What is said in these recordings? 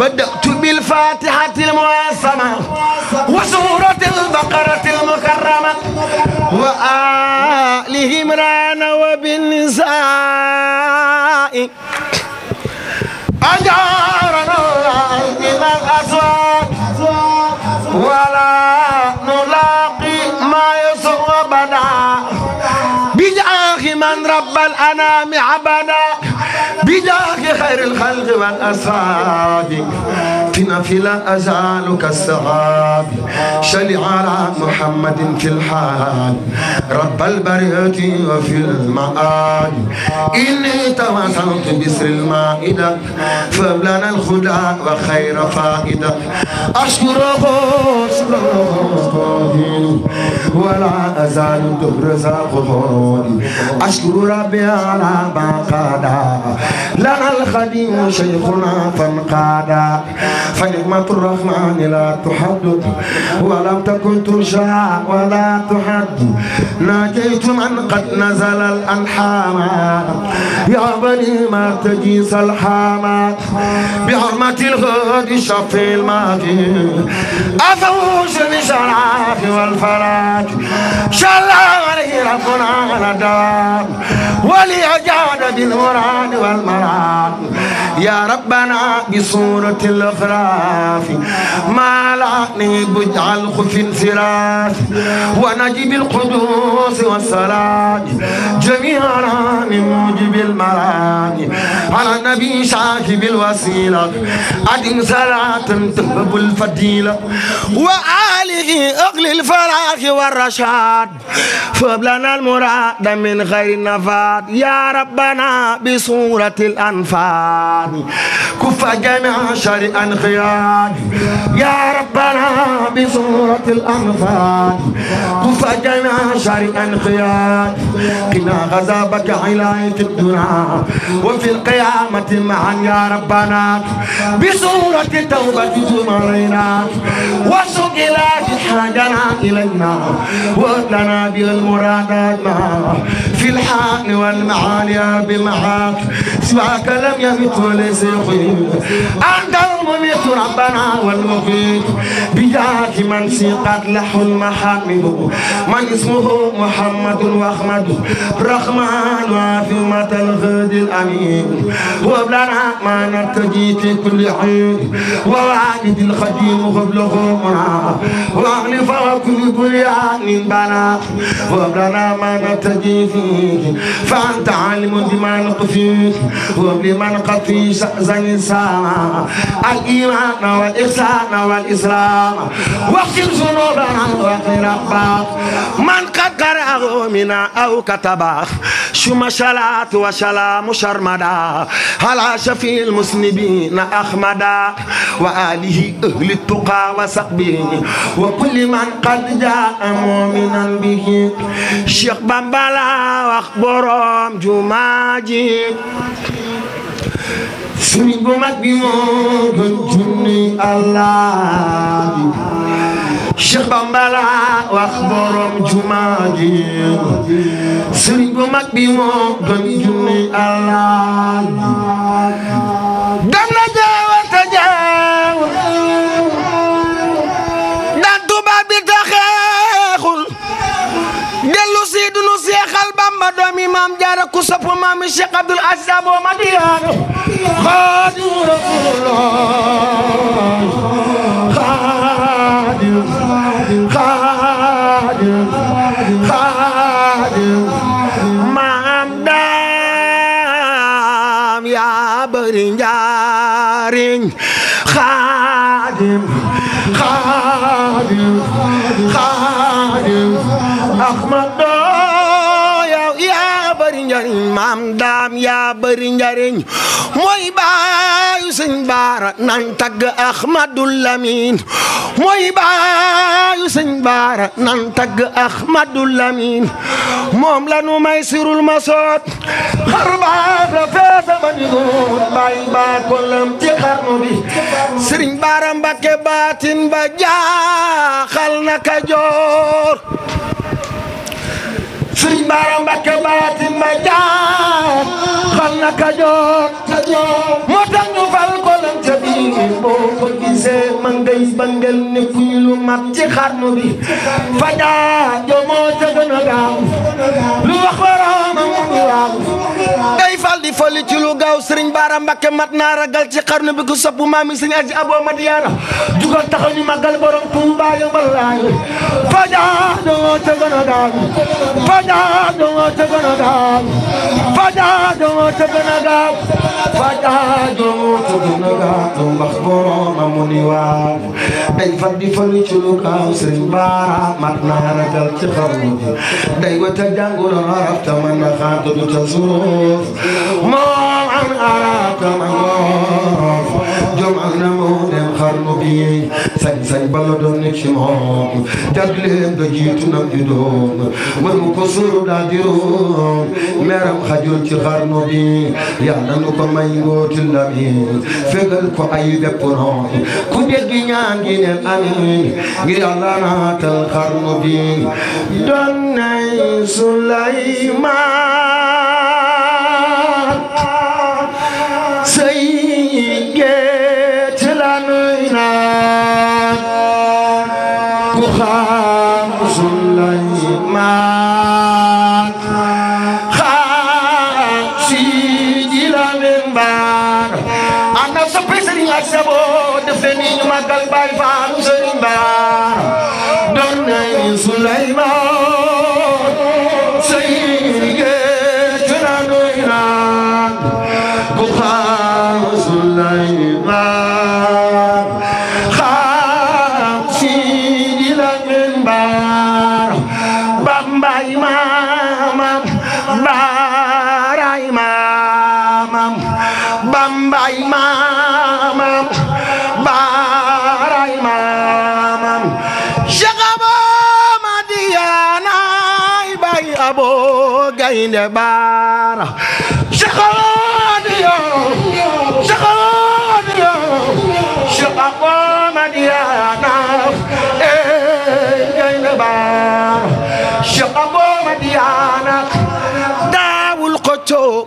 بدأت بالفاتحة المعصمة وسورة البقرة المكرمة وآل عمران وبالنساء خير الخلق والأصحاب في لا أزال كالسحاب شل على محمد في الحال رب البريات وفي المعاد إني تواصلت بسر المائدة فبلنا الخدع وخير فائدة أشكره شكره ولا أزال دهر زاقه أشكر ربي على ما قادا لنا الخديم شيخنا فانقادا حكمة الرحمن لا تحدد ولم تكن ترجع ولا تحد ناجيت من قد نزل الأنحام يا بني ما تجيس الحامات بحرمة الغد شف الماضي أفوش بالشرعات والفرات شل عليه ربنا على الدوام ولي أجاد بالمراد والمراد يا ربنا بصورة الأخراف ما لعني بجعل الخف انصراف ونجيب القدوس والصلاة جميعا من موجب المراد على النبي شاكب الوسيلة أدم صلاة تهب الفضيلة وآله أقل الفراخ والرشاد فبلنا المراد من غير النفاد يا ربنا بصورة الأنفاد الأحزان كف جميع شر أنخيان يا ربنا بصورة الانفال كف جميع شر أنخيان قنا غزابك علاية الدنيا وفي القيامة معا يا ربنا بصورة توبة زمرنا وسق إلى حاجنا إلينا وأتنا بالمرادات معا في الحال والمعالي بمعاك سواك لم يمت ولسقيم أنت المميت ربنا والمقيت بجاك من سيقت لح المحامد من اسمه محمد واحمد رحمن وعافمة الغد الأمين وابلنا ما نرتجي في كل حين ووالد الخديم قبله منا وأغلف كل بريان بنا وابلنا ما نرتجي فيه فأنت عالم بما نقفيه وبلمن قتيل زنسانا الإيمان والإحسان والإسلام واغفر ذنوبنا واغفر أخطاء من قد قرأه منا أو كتبه شم شلات وشلام شرمدا على شفي المسلمين أحمدا وآله أهل التقى وسقبه وكل من قد جاء مؤمنا به شيخ بامبالا واخبرهم جماجي sëriñ bu mag bi moo gën junni allah Cheikh Bamba la wax borom juma ji sëriñ mag bi moo gën junni allah maam daam yaa bëri njariñ Xaadim Xaadim maam daam yaa bëri njariñ mooy baayu sëñ baara nañ tagg Ahmadul Lamin mooy baayu moom la nu may sirul ma soot xar baax la feesa ma di gunuut bàyyi baa kollam baatin ba jaaxal na Kajoor Sëriñ Baara Mbàkke ma jaar xam na Kajoor moo tax ñu fal ko lan ca biir boo ko Cissé ma ngay bëngal ne kuy lu mat ci xarnu bi fajaa jomoo ca gën a gaaw lu wax waraama mu waaw ngay fal di fali ci lu gaaw sëriñ Baara Mbakke mat naa ragal ci xarnu bi ku soppu maam yi sëriñ aji aboo mat yaara jugal taxaw ñu magal borom Tuubaa yëmbal laay fajaa jomoo ca gën a gaaw fajaa jomoo ca gën a gaaw fajaa jomoo ca gën a gaaw fajaa jomoo ca gën a gaaw wax boroom ni waaw day fat di falu ci lu kaaw sëriñ baara mat naa ragal ci xarnu bi day wata jàngul arab ta man na xaatu du ta suuf moom am arab ta man ñoom ak na moo ko la mi ko ay bépp noon ku dégg ñaan gi ne amiin ngir yàlla naatal xar mu bii doon nay Sulaymaan in the bar.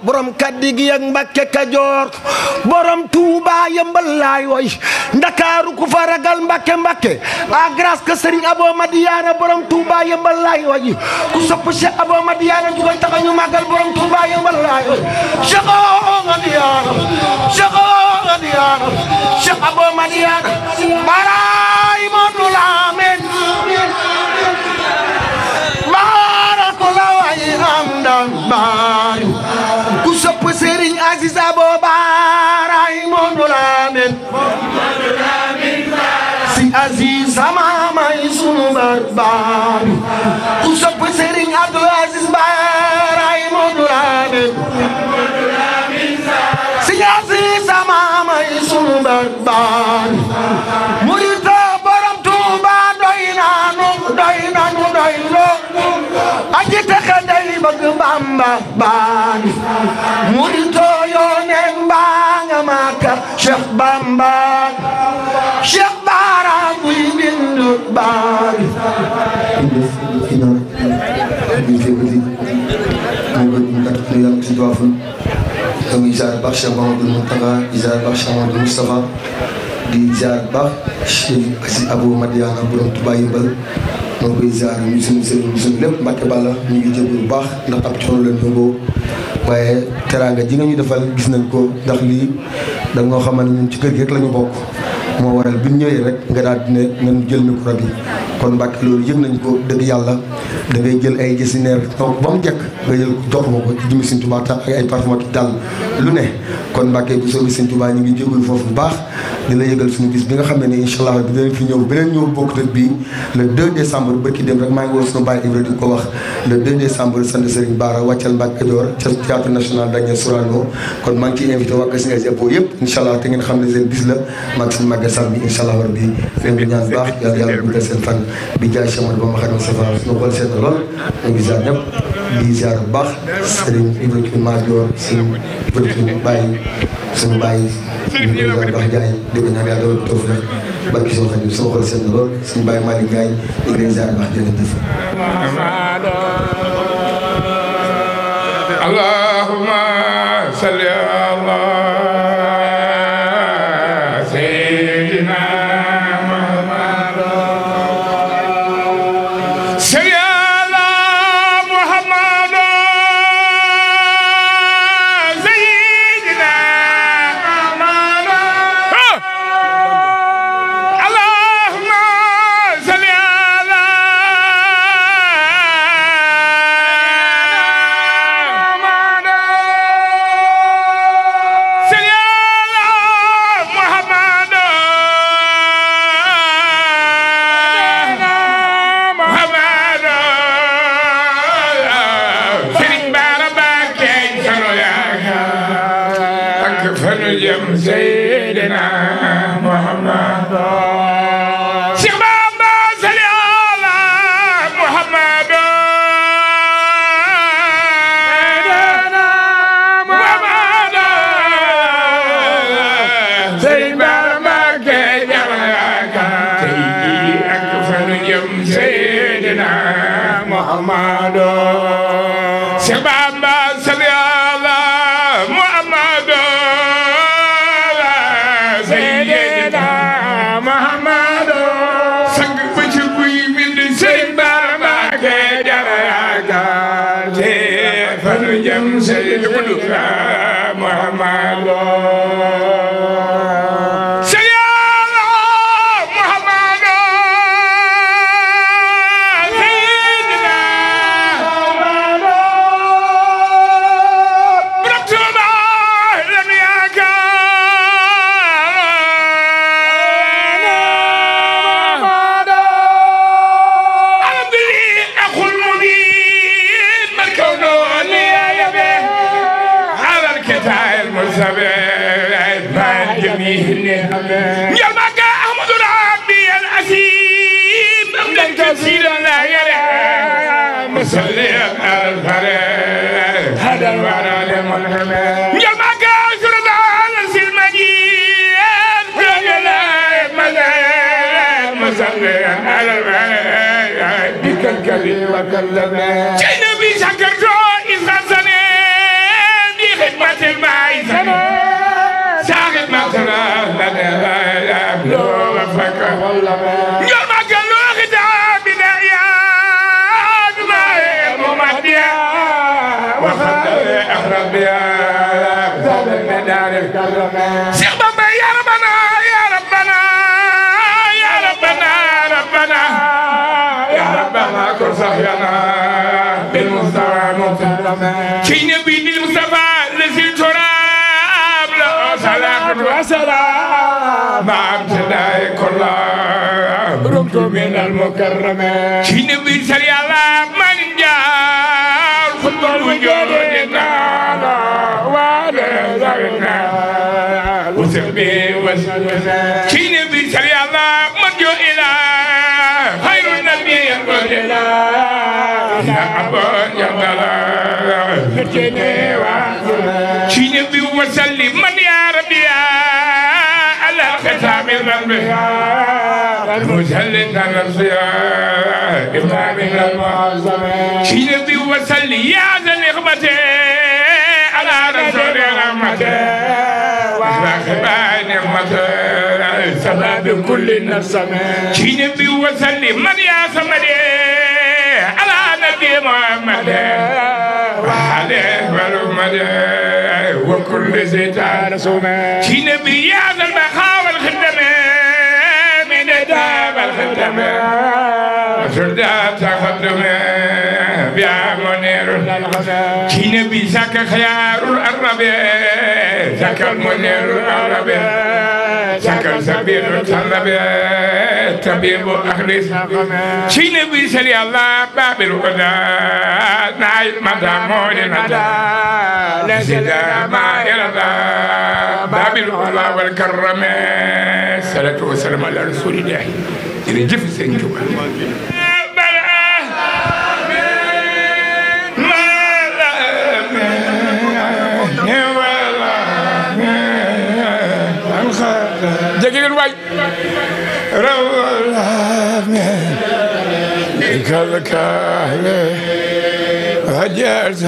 Borang borom kaddi gi ak Mbàkke tuba borom belai, yëmbal laay woy Ndakaaru ku fa ragal Mbàkke grâce que Serigne Abo Madiana borom tuba yang belai, woy ku sopp Cheikh Abo Madiana juga koy tax ñu màggal borom Tuuba yëmbal laay Cheikh Abo Madiana Cheikh Abo Madiana Cheikh Abo Madiana baraay mo du ndam si Aziz sama may sunu bar bëgg Bamba baa ngi muritoo yooneen baa nga Makka Cheikh Bamba Cheikh Baara buy bindu baa ngi donc ziar baax Cheikh Mamadou Mountakha ziar baax Cheikh Mamadou Moustapha di ziar baax Cheikh Abou Madiana borom Touba Yëmbal donc koy ziar ñu suñu sëriñ ñu suñu lépp Mbàkke Bàlla ñu ngi jégul bu baax ndax ab coono la dungoo waaye teraanga ji nga ñu defal gis nañ ko ndax lii da nga xaman ñun ci kër gi rek la ñu bokk moo waral bi ñëwee rek nga daal dine nga jël micro bi kon Mbàkke loolu yëg nañ ko dëgg yàlla da ngay jël ay gesineer donc ba mu jekk nga jël jox ma ko ci jëmi Sëriñ Tuubaa ak ay parfum dal lu ne kon Mbàkke bu soobee Sëñ Tuubaa ñu ngi jégalu foofu bu baax dina yëgal suñu bis bi nga xam ne ni incha allah dinañ fi ñëw beneen ñëw bokk rek bii le 2 décembre bërki dem rek maa ngi woon suñu bàyyi ko wax le 2 décembre sant Serigne Bara wàccal Mbàkke yëpp incha te ngeen xam ne seen bis la maag suñu màggal sax bi incha allah war bi leen di ñaan baax yàlla yàlla guddal seen fan bi jaay chaman ba ma xam ne safara suñu xol seen lool ñu ngi jaar ñëpp di ziar bu baax sëriñ Ibrahima Madior sëriñ Ibrahima Baye suñu bàyyi ñu ngi ziar baax jaay dégg naa yàlla doon toog rek barki soo xam ne sama xol seen lool suñu bàyyi Malick Gaye ñu ngi leen ziar baax jërëjëf allahumma salli وخلي احرم يا زاد المنار الكرم شيخ بابا يا ربنا يا ربنا يا ربنا ربنا يا ربنا كن صحينا بالمصطفى مكرما في نبي المصطفى الذي تراب له صلاة وسلام مع ابتداء كل رمت من المكرمة في نبي سري الله شيني وسلم من يا ربي على ختام الانبياء المجلد الرسياء امام المعظم شيني وسلم يا ذا النقمه على رسول رحمته واخبار نعمته سبب كل نفس شيني وسلم من يا سمدي محمد وعليه والأمد وكل زيتان سوما كي نبي هذا المخاوى الخدمة من دام الخدمة سرداب تخدمة بيا منير كي نبي زكا خيار الأربع زكا المنير الأربع سكن سبيل طلب طبيب أخلص شين بيسري الله باب الهدى نايل مدى مول ندى لسدى ما يرضى باب الهدى والكرم صلاة وسلام على رسول الله jërëjëf sëñ Tuubaa رب العالمين بك الكاهل هجرت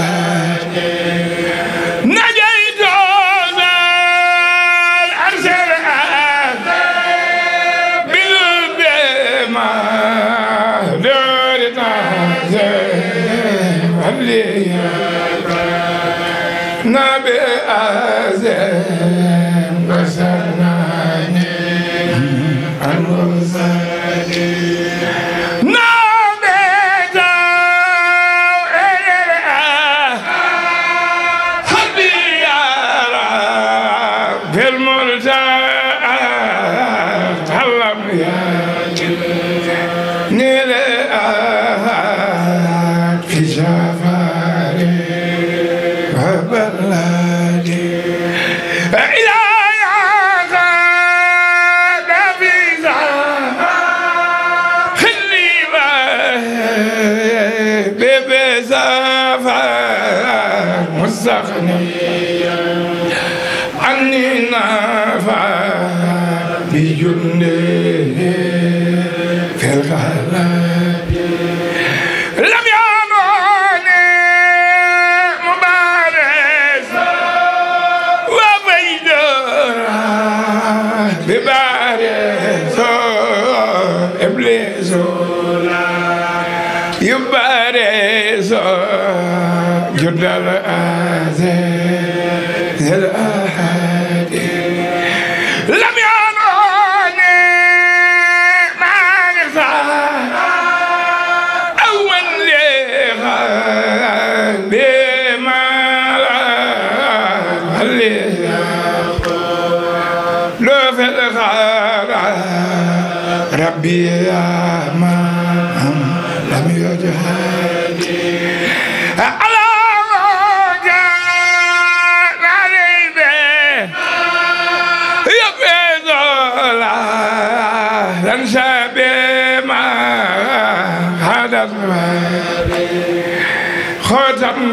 Your body's all your daughter's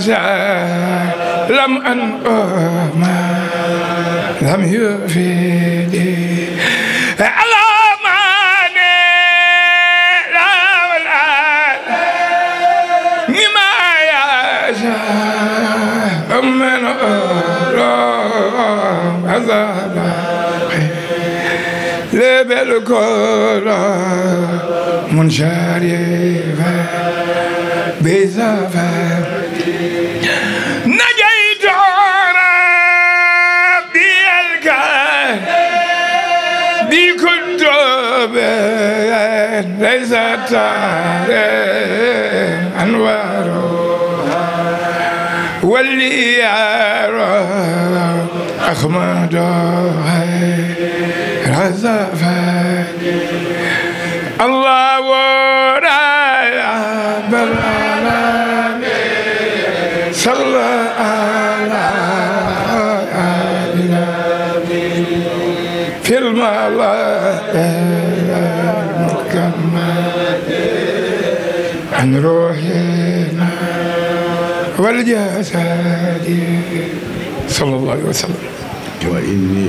أزال لم أنعم لم يفيدي على ماني لا والآن مما يشاء من أرام عذابا لبلكورا منشأ وجهي رزفت الله رب العالمين صلى على في الملائكة المكمل عن روحنا والجسد صلى الله عليه وسلم إني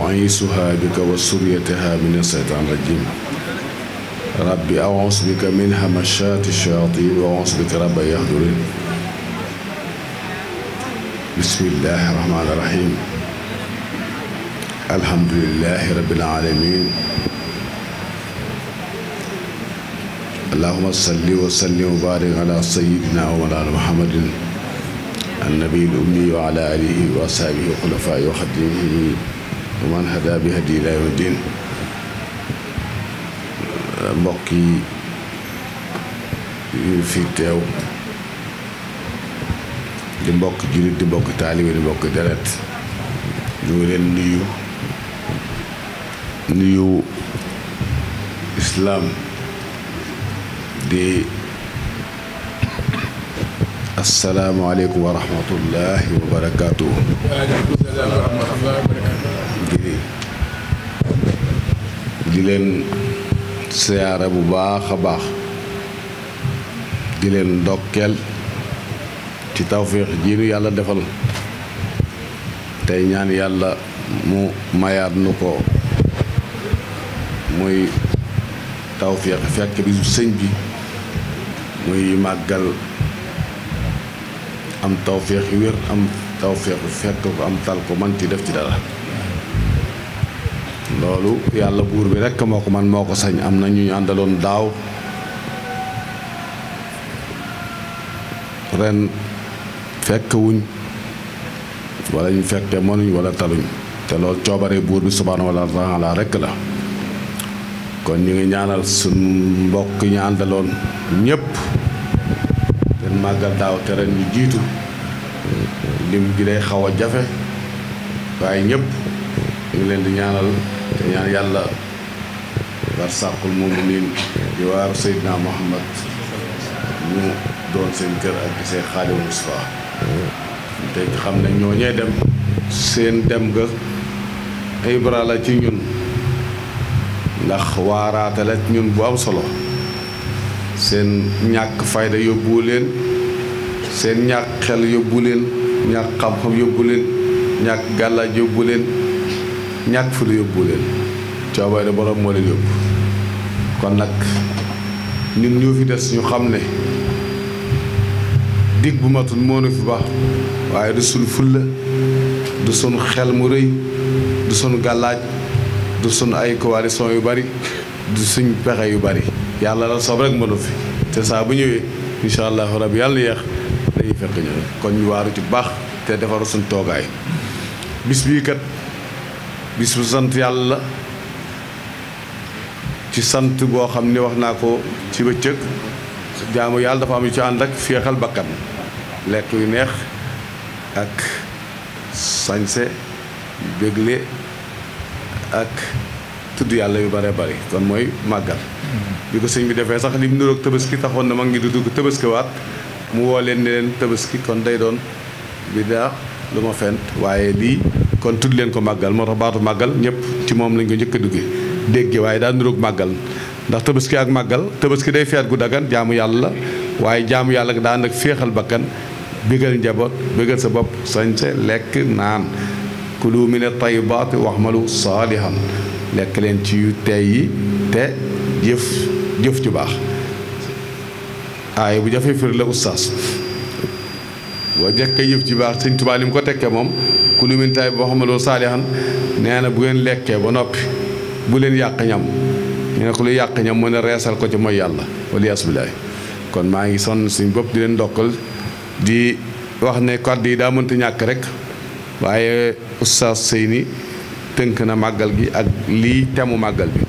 أعيسها بك وسريتها من الشيطان الرجيم ربي أعوذ بك من همشات الشياطين وأعوذ بك رب يهدرين بسم الله الرحمن الرحيم الحمد لله رب العالمين اللهم صل وسلم وبارك على سيدنا ومولانا محمد النبي الأمي وعلى آله وأصحابه وخلفائه وخدمه ومن هدى بهدي إلى يوم الدين بقي في التاو لبق جريد بق تعليم لبق دلت جول النيو نيو إسلام دي asalaamaaleykum wa rahmatullahi wa barakaatu. di di leen siyaare bu baax a baax di leen ndokkeel ci tawféex ji nu yàlla defal tey ñaan yàlla mu mayaat nu ko muy tawféex fekk bi sëñ bi muy màggal. am tawféex yu wér am tawféex bu fekk ko am tal ko man ci def ci dara loolu yàlla buur bi rekk moo ko man moo ko sañ am na ñu àndaloon daaw ren fekk wuñ wala ñu fekke mënuñ wala taluñ te lool coobare buur bi subhaanahu wa taala rekk la kon ñu ngi ñaanal suñ mbokk ñu àndaloon ñépp màggal daaw te ren ñu jiitu lim gi day xaw a jafe waaye ñëpp ñu leen di ñaanal te ñaan yàlla barsàqul muminin di waaru Seydina Muhammad ñu doon seen kër ak di seen Xaadimu Mustafaa xam ne ñooñee dem seen dem ga ibra la ci ñun ndax waaraate la ñun bu am solo seen ñàkk fayda yóbbu leen seen ñàkk xel yóbbu leen ñàkk xam-xam yóbbu leen ñàkk gàllaaj yóbbu leen ñàkk fu la yóbbu leen coobare borom moo leen yóbbu kon nag ñun ñoo fi des ñu xam ne dig bu matul moo fi baax waaye du suñ full du suñ xel mu rëy du suñ gàllaaj du suñ ay coalition yu bari du suñ pexe yu bari yàlla la soob rek mënu fi te saa bu ñëwee incha allahu rabbi yàlla na yeex ay kon ñu waaru ci baax te defaru suñ toogaay bis bii kat bis bu sant yàlla ci sant boo xam ni wax naa ko ci bëccëg jaamu yàlla dafa am yu ci ànd ak féexal bakkan lekk yu neex ak sañse bégle ak tudd yàlla yu bare bari kon mooy màggal mm-hmm. bi ko sëñ bi defee sax li mu niroog tabaski taxoon na mag ngi du dugg tabaskiwaat mu woo leen ne leen tabaski kon day doon bidaa lu ma fent waaye lii kon tudd leen ko màggal moo tax baatu màggal ñëpp ci moom lañ ko njëkk a duggee dégge waaye daa niroog màggal ndax tabaski ak màggal tabaski day feet gu daggan jaamu yàlla waaye jaamu yàlla daa nag féexal bakkan bégal njaboot bégal sa bopp sañse lekk naan kulu min at-tayyibaati wa'malu saalihan lekk leen ci yu tey yi te jëf jëf ju baax aay bu jafee firi la ustaas boo jëkk yëpp ci baax sëñ Tuubaa li mu ko tekkee moom ku lu mintaay boo xamaloo saalihan nee na bu ngeen lekkee ba noppi bu leen yàq ñam ñu ne ko lu yàq ñam mu ne reesal ko ci mooy yàlla waliyaas bilaay kon maa ngi sonn suñ bopp di leen ndokkal di wax ne kàddu yi daa mënta ñàkk rek waaye ustaas Seyni tënk na màggal gi ak lii temu màggal bi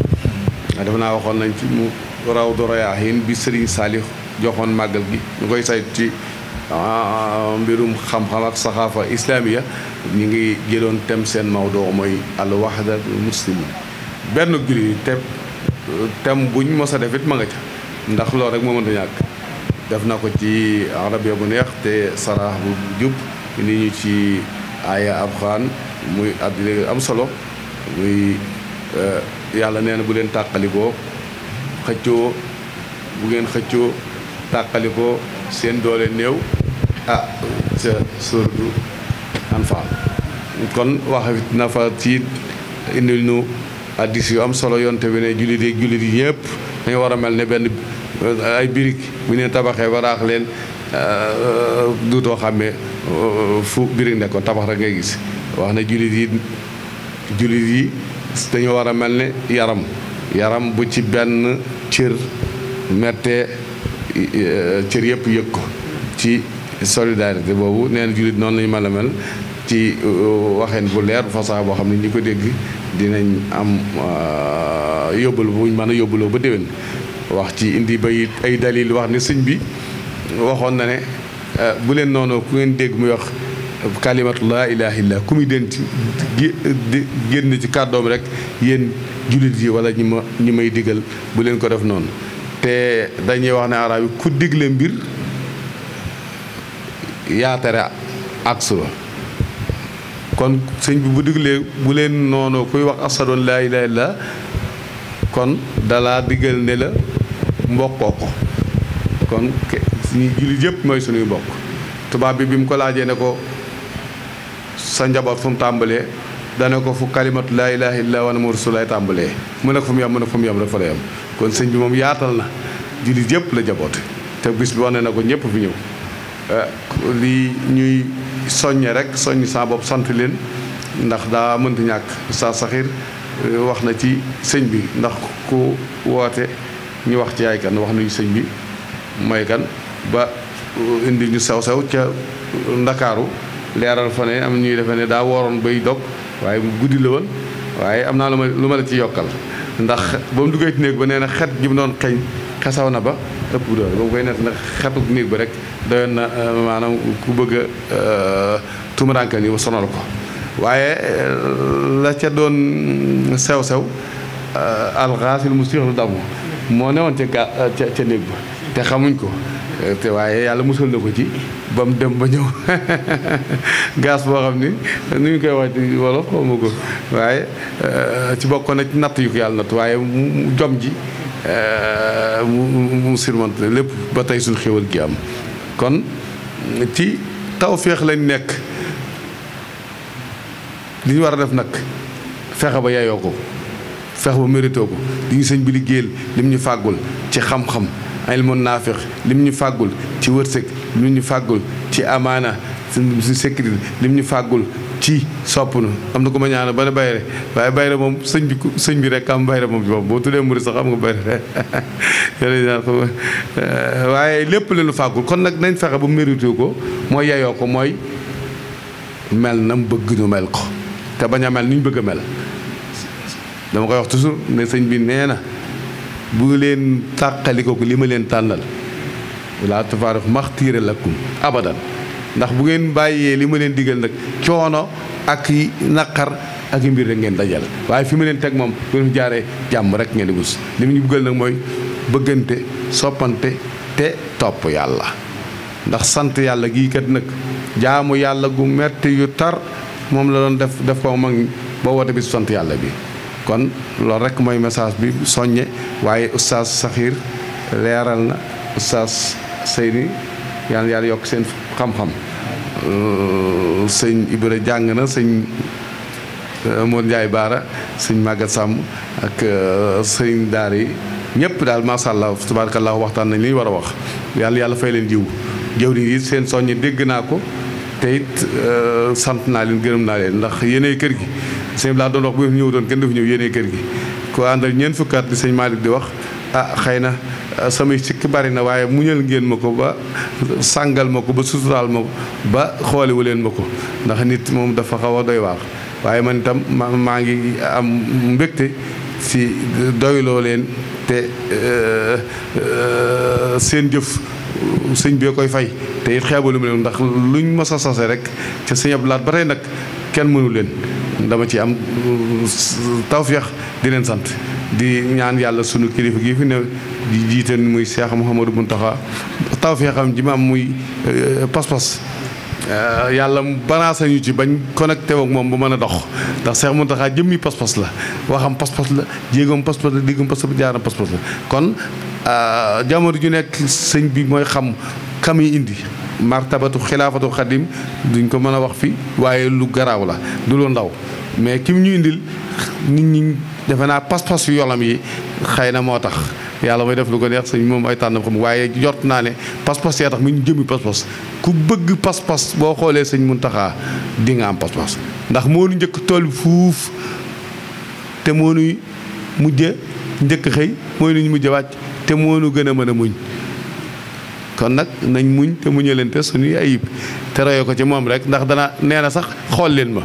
def naa waxoon nañ ci mu raw dorayaahin bi sëriñ Saalix joxoon màggal gi ñu koy saytu ci ah, mbirum xam-xam ak saxaafa islamiya ñu ngi jëloon tem seen mawdoo mooy al wahdatul muslimin benn jullit tem buñ mos a def it ma nga ca ndax loolu rek moo mënta ñàkk def na ko ci arabiya bu neex te saraax bu jub ni ñu ci aaya alxuraan muy àddina am solo muy eh, yàlla nee na bu leen tàqalikoo xëccoo bu ngeen xëccoo tàqali seen doole néew ah ca surdu Anfaal kon wax na fa ci indil nu addis yu am solo yonte bi ne jullit yi jullit yi ñëpp dañu war a mel ni benn euh, ay birig bu ne tabaxee ba raax leen euh, duutoo xàmmee euh, fu birig nekkoon tabax rek ngay gis wax na jullit yi jullit yi dañu war a mel ni yaram yaram bu ci benn cër mettee cër yëpp yëg ko ci solidarité boobu nee na jullit noonu lañu mën a mel ci euh, waxeen bu leer fasaa boo xam ne ñi ko dégg dinañ am euh, yóbbal buñ mën a yóbbaloo ba déwén wax ci indi bay ay dalil wax ne siñ bi waxoon na ne euh, bu leen noonu ku ngeen dégg muy wax kalimatu laa ilaaha illa ku muy denc génn ci kàddoom rek yéen jullit yi wala ñi ma ñi may digal bu leen ko def noonu te dañuy wax ne arab yi ku digle mbir yaatare aksu ba kon sëñ bi bu digle bu leen noonu kuy wax asadoon laa ilaaha la kon dalaa digal ne la mbokkoo ko kon suñuy jullit yëpp mooy suñuy mbokk tubaab bi bi mu ko laajee ne ko sa njaboot fu mu tàmbalee dana ko fu laay laa ilaaha illallaah wa Muhammadu rasuulullaah tàmbalee mu ne ko fu mu yem mu ne ko fu mu yem dafa lay yem kon sëñ bi moom yaatal na jullit yëpp la jaboote te bis bi wane na ko ñëpp fi ñëw eh, lii ñuy soññe rek soññ saa bopp sant leen ndax daa mënti ñàkk saa saxir eh, wax na ci sëñ bi ndax ku woote ñu wax ci yaay kan wax nañu sëñ bi mooy kan ba eh, indi ñu sew sew ca ndakaaru leeral fa ne am ñuy defe ne daa wooroon bay dog waaye guddi la woon waaye am naa lu ma lu ma la ci yokkal ndax ba mu duggee ci néeg ba nee na xet gi mu doon xeeñ xasaw na ba ëpp doole ba mu koy nett nag xetu néeg ba rek doyoon na euh, maanaam ku bëgg a euh, tumuraanke ni ba sonal ko waaye euh, la ca doon sew-sew lu mu siixlu damu moo newoon ca ga ca néeg ba te xamuñ ko te waaye yàlla musal na ko ci ba mu dem ba ñëw gaz boo xam ni nu ñu koy wax ci wolof xaw ma ko waaye euh, ci na ci natt yu ko yàlla natt waaye mu jom ji euh, mu mu surmonte lépp ba tey suñ xéwal gi am kon ci taw tawféex lañ nekk li ñu war a def nag fexe ba yayoo ko fexe ba mérito ko li ñu sëñ bi liggéeyal lim ñu fàggul ci xam-xam ilmu naafiq limni ñu fàggul ci wërsëg lim ñu fàggul ci amaana si sécurité limni ñu fàggul ci sopp nu am na ko ma ñaana ba ne bayre waaye bayre moom sëñ bi señ bi rek am bayre moom ci bo tudé tuddee sax am nga bayre yooyu ñaan ko euh, waaye lépp la lu fàggul kon nak nañ fexe bu mérité ko moy yeyoo ko mooy mel na bëgg ñu mel ko té baña mel ni ñu bëgg mel dama koy wax toujours né señ bi néna bu leen tàqalikoo ko li ma leen tànnal wala tafaarux maxtiire lakum abadan ndax bu ngeen bàyyee li ma leen digal nag coono ak naqar ak yi mbir rek ngeen dajal waaye fi ma leen teg moom bu leen jaaree jàmm rek ngeen di wus li mu ñu buggal nag mooy bëggante soppante te topp yàlla ndax sant yàlla gii kat nag jaamu yàlla gu metti yu tar moom la doon def def ko mag ba woote bi sant yàlla bi kon loolu rek mooy message bi soññe waaye oustaz Saxiir leeral na oustaz Seyni yàlla yàlla yokk seen xam-xam euh, sëñ Ibra jàng na sëñ euh, Mor Ndiaye Baara sëñ Maguette sàmm ak euh, sëñ Daara yi ñëpp daal macha allah tabaarakallah waxtaan nañ li war a wax yàlla yàlla fay leen jiw jëw ni yi seen soññe dégg naa ko te it sant naa leen gërëm naa leen ndax yéenay kër gi. sëñ bi laa doon wax bu ñëw doon kenn dafa ñëw yéene kër gi ko àndal ñeent fukkaat li sëñ Malick di wax a ah, xëy na ah, samay sikki bari na waaye muñal ngeen ma ko ba sàngal ma ko ba suturaal ma ba xoolewu leen ma ko ndax nit moom dafa xaw a doy waax waaye man itam maa ngi am mbégte ci doyloo leen te euh, euh, seen jëf sëñ bee koy fay te it ndax luñ mës a sase rek ca sëñ ba tey nag kenn mënu leen dama ci am euh, tawféex di leen sant di ñaan yàlla sunu kilifa gi fi ne di jiite muy Cheikh Mouhamadou Mountakha tawféexam ji ma am muy euh, pas-pas euh, yàlla banaasa ñu ci bañ connecté ak moom bu mën a dox ndax Cheikh Mountakha jëmmi pas-pas la waxam pas-pas la jéegoom pas-pas la diggam pas-pas la jaaram pas-pas la kon jamono ju nekk sëñ bi mooy xam xami indi martabatu xilaafatu xadim duñ ko mën a wax fii waaye lu garaaw la du lu ndaw mais kim ñu indil nit ñi defe naa pas-pas yolam yi xëy na moo tax yàlla mooy def lu ko neex sañ moom oy tànn xam waaye jot naa ne pas-pas yaa tax mu ñu jëmi pas-pas ku bëgg pas boo xoolee sëñ Muntaxa di nga am pas ndax moo nu njëkk tool fuuf te moo nuy mujj njëkk xëy mooy nuñ mujj wàcc te moo nu gën a mën a muñ kon nag nañ muñ te leen muñalante suñuy ayib te royo ko ci moom rek ndax dana nee na sax xool leen ma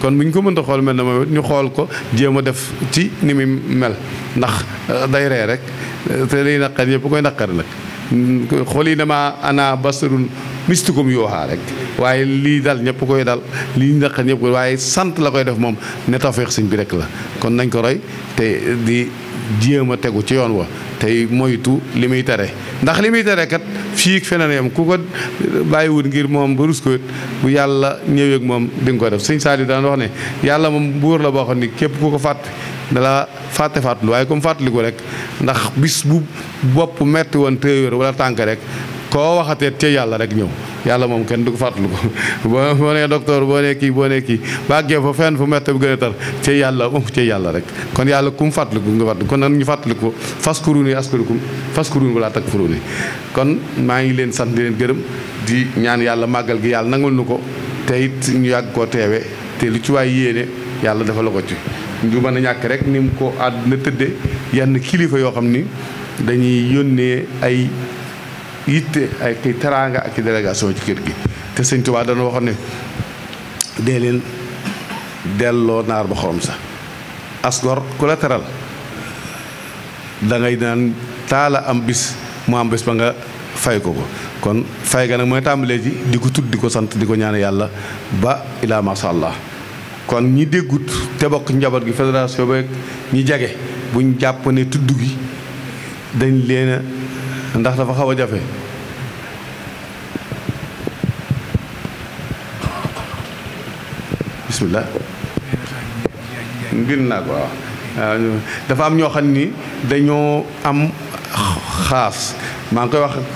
kon bu ñu ko mënta xool mel na moom ñu xool ko jéem a def ci ni muy mel ndax euh, day rek euh, te day naqar yëpp koy naqar nag xool yi dama ana basarun mistukum yooxaa rek waaye lii dal ñëpp koy dal lii naqar ñëpp ko waaye sant la koy def moom ne feex sëñ bi rek la kon nañ ko roy te di jéem a tegu ci yoon wa tey moytu li muy tere ndax li muy tere kat fii ak feneen yam ku ko bàyyiwul ngir moom ba rus bu yàlla ñëwee moom di nga ko def sëñ Saliou daan wax ne yàlla moom buur la boo xam ni képp ku ko fàtte dala fàtte fàttali waaye comme ko rek ndax bis bu bopp metti woon téewér wala tànk rek koo waxatee te yàlla rek ñëw yàlla moom kenn du ko fàttaliku boo boo nee docteur boo nee kii boo ne kii bàggee fa fenn fu mett bu gën a tar te yàlla um yàlla rek kon yàlla ku mu fàttaliku nga fàttaliku kon nag ñu fàttaliku faskuruni askurukum faskuruni wala takfuruni kon maa ngi leen sant di leen gërëm di ñaan yàlla màggal gi yàlla nangul nu ko tey it ñu yàgg koo teewe te lu ci waay yéene yàlla dafa la ko ci du mën a ñàkk rek ni mu ko àdduna tëdde yenn kilifa yoo xam ni dañuy yónnee ay yitte ay ki teranga ak ki délégation ci kër gi te seigne touba dana waxone ne len leen nar ba xorom sa asgor la teral da ngay naan taala am bis mu am bis ba nga fay ko kon fay ga nak moy tàmbalee ji di tud diko sant diko ñaan yalla ba ma sha allah kon ñi déggut te bok njabot gi fédération bay ñi jage buñ japp ne tuddu gi dañ leena ndax dafa xaw a jafe bismillah ngir naa ko waaw dafa am ñoo xam ni dañoo am xaas maa ngi koy wax ak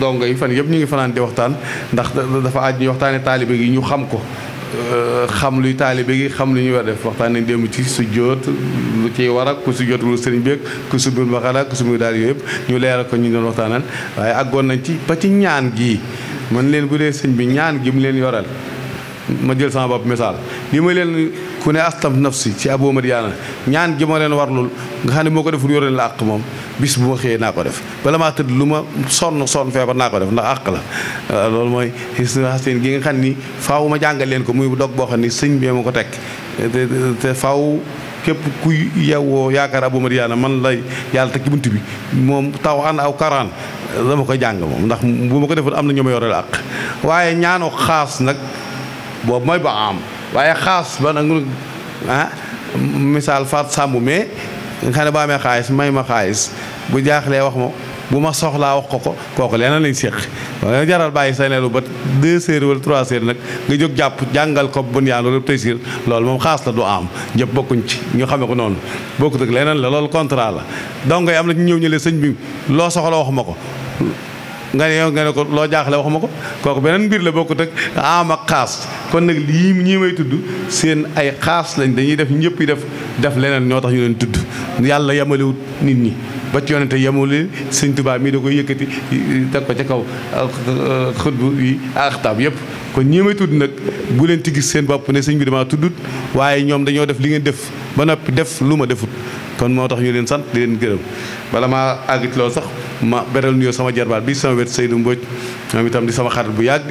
dongo yi fan yëpp ñu ngi fanaan di waxtaan ndax dafa aaj ñu waxtaane taalibe gi ñu xam ko Euh, xam luy taalibe xam lu ñuy war def waxtaan nañ démb ci su jóot lu ciy war ak ku su jootul sëriñ bi ku su biir maxala ku su biir daal yooyu yëpp ñu leeral ko ñu doon waxtaanal waaye àggoon nañ ci ba ci ñaan gi man leen bu dee sëñ bi ñaan gi mu leen yoral ma jël sama bopp misaal li ma leen ku ne aslam nafsi ci aboo madiyaana ñaan gi ma leen warlul nga xam ne moo ko deful yore la àq moom bis bu ma xëyee naa ko def bala maa tëdd lu ma sonn sonn feebar naa ko def ndax àq la loolu mooy seen gi nga xam ni faaw ma jàngal leen ko muy dog boo xam ni sëñ bi ma ko teg te faaw képp kuy yewwoo yaakaar aboo madiyaana man lay yàlla teg ci bunt bi moom taw an aw karaan dama ko jàng moom ndax bu ma ko deful am na ñoo ma yore la àq waaye ñaano xaas nag boobu mooy ba am waaye xaas ba nag ah misaal faat sàmm mais xane xam ne ba xaalis may ma xaalis bu jaaxlee wax ma bu ma soxlaa wax ko ko kooku leneen lañ séq waaye jaral bàyyi sa neelu ba deux heures wala trois ser nag nga jóg jàpp jàngal ko bun yaa loolu plaisir loolu moom xaas la du am ñëpp bokkuñ ci ñu xamee ko noonu bokkut ak leneen la loolu contrat la donc am na ñu ñëw ñële sëñ bi loo soxla wax ma ko nga ne yow nga ne ko loo jaaxle waxuma ko kooku beneen mbir la bokkut ak am ak xaas kon nag lii ñii may tudd seen ay xaas lañ dañuy def ñëpp yi def def leneen ñoo tax ñu leen tudd yàlla yamalewut nit ñi ba ci yonente yamale sëñ Tuubaa mii da koy yëkkati teg ko ca kaw xutbu yi axtaab yëpp kon ñii may tudd nag bu leen ci gis seen bopp ne sëñ bi damaa tuddut waaye ñoom dañoo def li ngeen def ba noppi def lu ma defut kon moo tax ñu leen sant di leen gërëm bala maa àggit loolu sax ma beral nuyoo sama jarbaat bi sama wet Seydou Mbodj moom itam di sama xarit bu yàgg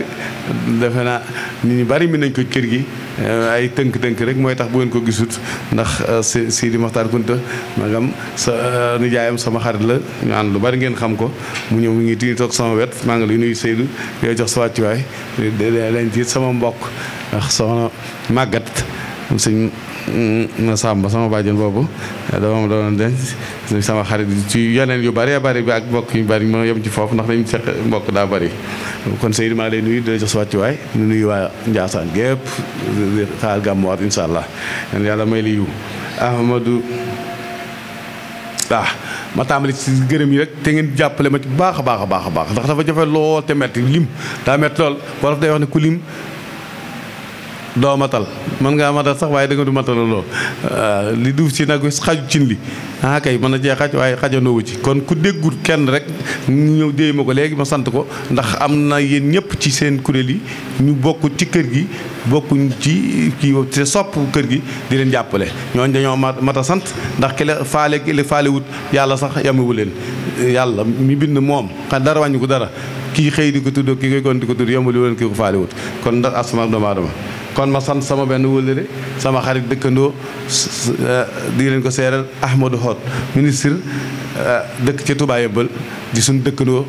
defe naa nit ñu bari mi nañ ko kër gi eh, ay tënk-tënk rek mooy tax bu ngeen ko gisut ndax eh, Sidi Maxtaar Kunta magam sa eh, nijaayam sama xarit la ñu ànd lu bari ngeen xam ko mu ñëw mu ngi tiñu toog sama wet maa ngi lay nuyu Seydou yoy jox sa wàccuwaay leen tiit sama mbokk ndax soxna màggat Mm, Samba sama bàjjen boobu dama ma doon denc sama xarit ci yeneen yu bëree bëri bi ak mbokk yu bëri ma yem ci foofu ndax dañu seq mbokk daa bëri kon sa maa nuyu di la jox sa wàccuwaay nu nuyu waa Ndiassane gépp xaar gàmmuwaat incha yàlla may li yiw Ahmadou ah ma tàmbali ci gërëm yi rek te ngeen jàppale ma ci baax a baax a baax a baax ndax dafa jafe lool te metti lim daa metti lool wala day wax ne ku lim doo matal mën ngaa matal sax waaye da nga du mataloloo euh, li duuf ci nag xaju cin li ah kay mën a cee xaj waaye xajanoowu ci kon ku déggul kenn rek ñëw déy ko léegi ma sant ko ndax am na yéen ñëpp ci seen kuréel yi ñu bokk ci kër gi bokkuñ ci kii te sopp kër gi di leen jàppale ñooñ dañoo mat a sant ndax ki la faale ki faalewut yàlla sax yamewu leen yàlla mi bind moom xam dara wàññi ko dara kii xëy di ko tudd kii koy gon di ko tudd yomb li leen kii ko faalewut kon ndax asamaak doomu aadama kon ma sant sama benn wëllëre sama xarit dëkkandoo eh, di leen ko seeral Ahmadou Hott ministre eh, dëkk ci Touba Yeumbeul di suñ dëkkandoo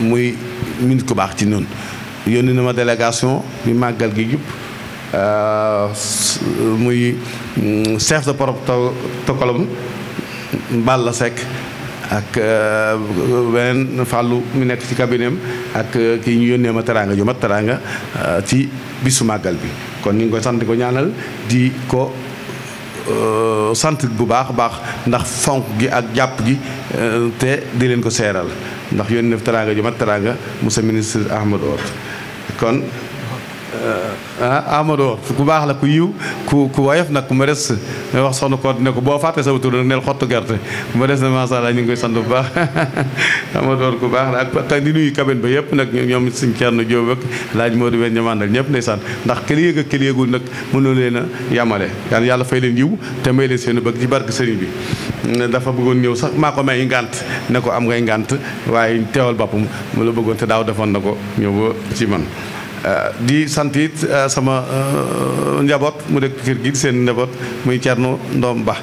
muy minit ku baax ci noonu yónni na ma délégation bi màggal gi yëpp eh, muy mm, chef de protocole la sekk ak beneen fàllu mi nekk ci cabinet ak euh, kii ñu yónnee ma teraanga ju mat teraanga euh, ci bisu màggal bi kon ñu ngi koy sant ko ñaanal di ko euh, sant bu baax baax ndax fonk gi ak jàpp gi te di leen ko seeral ndax yónnee teraanga ju mat teraanga monsieur ministre Ahmad Aidara kon ah Amadou ku baax la ku yiw ku ku woyof nag ku ma des ma wax soxna Codé ne ko boo fàtte sa tur nag neel xottu gerte ma des na macha ñu ngi koy sant bu baax Amadou ku baax la ak tey di nuyu cabine ba yëpp nag ñoom suñu Thierno laaj moo di wen ñamandal ñëpp ndeysaan ndax këli yëg ak nag mënoo leen a yamale yaan yàlla fay leen yiw te may leen seen bëgg ci barke sëriñ bi dafa bëggoon ñëw sax maa ko may ne ko am ngay ngànt waaye teewal boppam mu la bëggoon te daaw defoon na ko ñëw ba ci man Euh, di sant it euh, sama euh, njaboot mu de kër gi seen njaboot muy Thierno Ndom Ba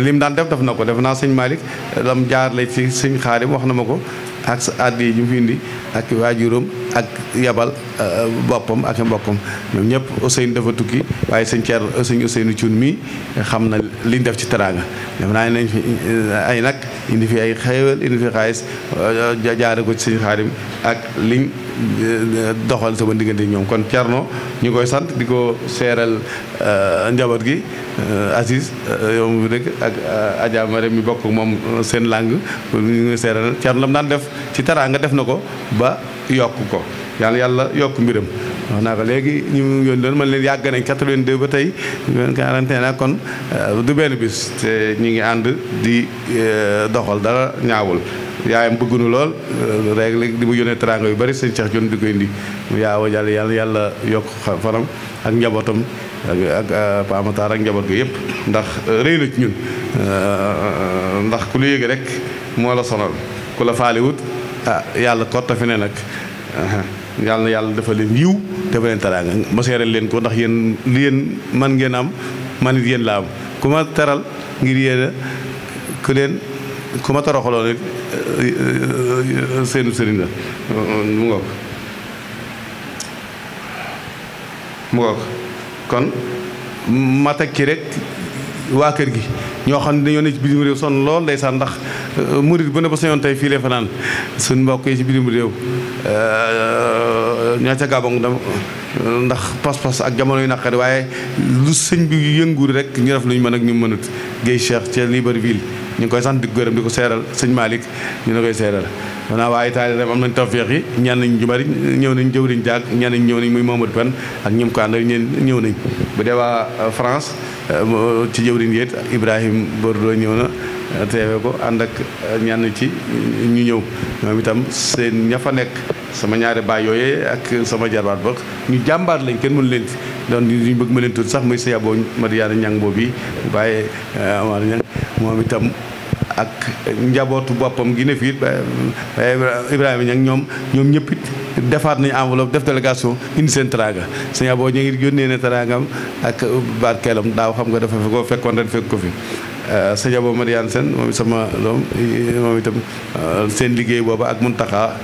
lim daan def def na ko def naa sëñ Malick dam jaar lay ci sëñ Xaadim wax na ma ko ak sa yi ñu fi indi ak juróom ak yabal euh, boppam ak mbokkam ñoom ñëpp Ousseynou dafa tukki waaye sëñ Thierno sëñ Ousseynou Thioune mii xam na liñ def ci teraanga def naa ne nañ fi euh, ay nag indi fi ay xéewal indi fi euh, ko ci sëñ ak liñ doxal sama diggante ñoom kon Thierno ñu koy sant di ko seeral njaboot gi Aziz yow mu dëkk ak Adja Mare mi bokk moom seen langue ñu ngi seeral Thierno lam daan def ci teraanga def na ko ba yokk ko yàlla yàlla yokk mbiram wax naa ko léegi ñu mu yónni doon leen yàgg nañ 82 ba tey 41 kon euh, du benn bis te ñu ngi ànd di euh, doxal dara ñaawul yaayam bëggunu lool euh, rek léegi di mu yónnee teraanga yu bari seen Cheikh Dione di ko indi mu yaawa jàll yàlla yàlla yokk fanam ak njabootam ak paamataar ak njaboot gi yëpp ndax rëy na ci ñun ndax ku lu yéegi rek moo la sonal ku la faaliwut ah yàlla kotta fi ne nag yàlla na yàlla dafa leen yiw dafa leen teraanga ma seeral leen ko ndax yéen li yéen man ngeen am man it yéen laa am ku ma teral ngir yéen ku leen ku ma toroxaloo rek eh, eh, seenu sëriñ la mu ngoog mu ngoog kon ma teg ci rek waa kër gi ñoo xam ne dañoo ne ci bitim réew sonn lool ndeysaan ndax euh, murit ba ne ba sañoon tey fii lee fanaan suñ mbokk yi ci bitim réew euh, ñaa ca gabon dama ndax pas-pas ak jamono yu naqari waaye lu sëñ bi yëngu rek ñu def lu ñu mën ak ñu mënut Guèye Cheikh ca Libreville ñu ngi koy sant di ko gërëm di ko seeral sëñ Malick ñu ne koy seeral maanaam waaye taalibeem am nañ tawféex yi ñan nañ ju bari ñëw nañ jëwriñ jàkk ñaan ñëw nañ muy Mamadou Pen ak ñum ko àndal ñeen nañ bu waa euh, France euh, ci jëwriñ yéet Ibrahim Bordeaux ñëw na euh, teewe ko ànd ak ñenn ci ñu ñëw ñoom itam seen ña fa nekk sama ñaari baay yooyee ak sama jarbaat ba ñu jàmbaar lañ kenn mënu leen doon ñu bëgg ma leen sax muy sa yaboo Madiyaana Ñang boobu yi bàyyee Amar moom itam ak njabootu boppam gi ne fii Ibrahima ña ñoom ñoom ñëpp defaat nañu enveloppe def délégation indi seen teraanga sëñ Abo ñu ngi yónnee ne teraangam ak barkeelam daaw xam nga dafa ko fekkoon ren fekk ko fi. Euh, sëñ Abo Mariane Sène moom sama doom moom itam euh, seen liggéey booba ak mun Muntaxa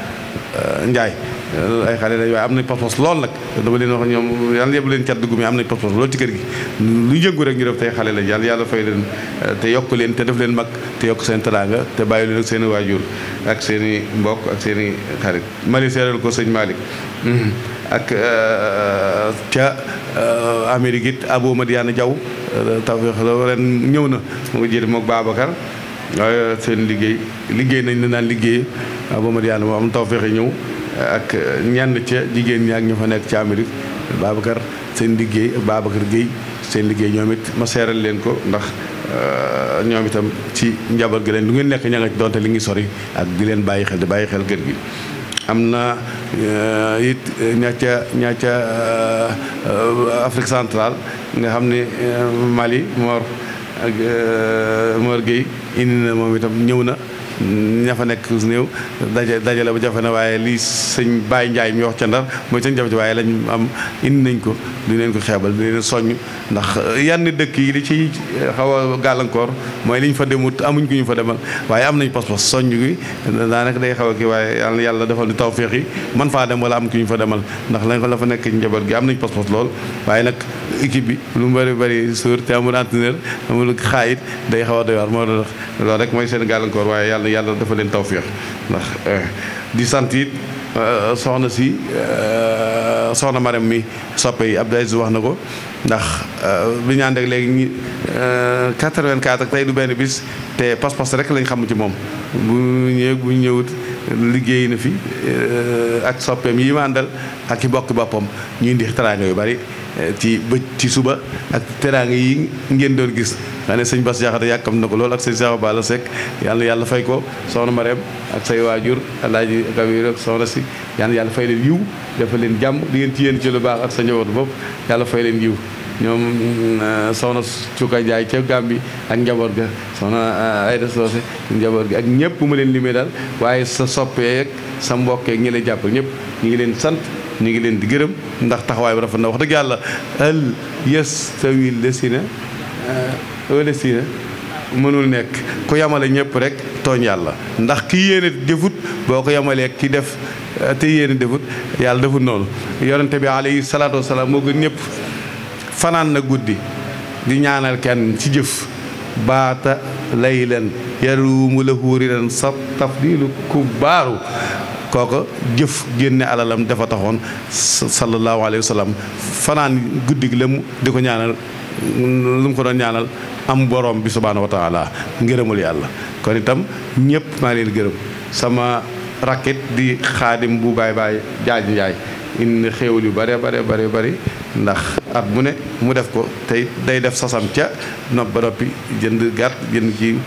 euh, Njaay ay xale la yooyu am nañ pas-pas lool nag dama leen wax ñom yàlla yeb leen cat dugg mi am nañ lool ci kër gi lu yëngu rek ñu def tay xale la yàlla yàlla fay leen te yok leen te def leen mak te yok seen teraanga te bayu leen seen wajur ak seen mbokk ak seen xarit mali séral ko seigne malik ak ca amerigit it Abou Madiane Diaw tawfeex la ren ñëw na mu ngi jël moog Babacar waaye seen liggey liggey nañ na liggey Abou Madiane mo am tawfeex ñëw ak ñenn ca jigéen ñi ak ñu fa nekk ci Amérique Babacar seen liggéey Babacar Guèye seen liggéey ñoom it ma seeral leen ko ndax euh, ñoom itam ci njaboot gi leen lu ngeen nekk ña donte li ngi sori ak di leen bàyyi xel di bàyyi xel kër gi. am na euh, it ña ca ña euh, Afrique centrale nga xam ne Mali Mor ak Mor Guèye indi na moom itam ñëw na. ña fa nekk néew daje dajale ba jafe na waaye lii sëñ baay Ndiaye mi wax ca ndar mooy sëñ jafe waaye lañ am indi nañ ko du leen ko xeebal du leen soññ ndax yenn dëkk yi di ci xaw a gàllankoor mooy liñ fa demut amuñ ko ñu fa demal waaye am nañ pas-pas soññ gi daanaka day xaw a kii waaye yàlla yàlla defal ni tawféex yi man faa dem wala am ku ñu fa demal ndax lañ ko la fa nekk ci gi am nañ pas-pas lool waaye nag équipe bi lu mu bëri bari suur te amul entraîneur amul xaayit day xaw a doy waar moo tax loolu rek mooy seen gàllankoor waaye yàlla yàlla dafa leen tawféex ndax eh, di sant eh, soxna si eh, soxna Marème mi soppe yi Abdou Aziz wax na ko ndax bi ñu ànd ak léegi ñi 84 ak tey du benn bis te pas-pas rek lañ xam ci moom bu ñëwee ñëwut liggéey na fi ak soppeem yi ma àndal ak i bokki boppam ñu indi teraanga yu bari ci bë ci suba ak teraanga yi ngeen doon gis xam ne sëñ Bas Diakhaté yàkkam na ko lool ak sëñ Saba baa Seck yàlla yàlla fay ko soxna Marème ak say waajur alaaji Kabir ak soxna si yàlla yàlla fay leen yiw leen jàmm di ngeen ci yéen ci lu baax ak sa njabootu bopp yàlla fay leen yiw ñoom euh, soxna Cuka Ndiaye ca Gàmbi ak njaboot ga soxna euh, Ayda Soose njaboot gi ak ñëpp ma leen limee daal waaye sa soppeek sa mbokkeek ñi jàpp jàppal ñëpp ñu ngi leen sant ñu ngi leen di gërëm ndax taxawaay bi rafet na wax dëgg yàlla al yastawi lesina lesina mënul nekk ku yamale ñëpp rek tooñ yàlla ndax ki yéene defut boo ko yamalee ki def te yéene defut yàlla defut noonu yonente bi alayhi salaatu wasalaam moo gën ñëpp fanaan na guddi di ñaanal kenn ci jëf baata laylan yaruumu lahu ridan sa tafdilu kubaaru koko jëf génné alalam dafa taxoon sallallahu Alaihi Wasallam. fanan guddig lam diko ñaanal lu mu ko doon ñaanal am borom bi subhanahu wa taala ngeeramul yalla kon itam ñepp ma leen sama raket di khadim bu bay bay jaaj njaay in xewul yu bare bare bare bare ndax at mu ne mu def ko tay day def sasam ca no boropi jënd gat jënd ci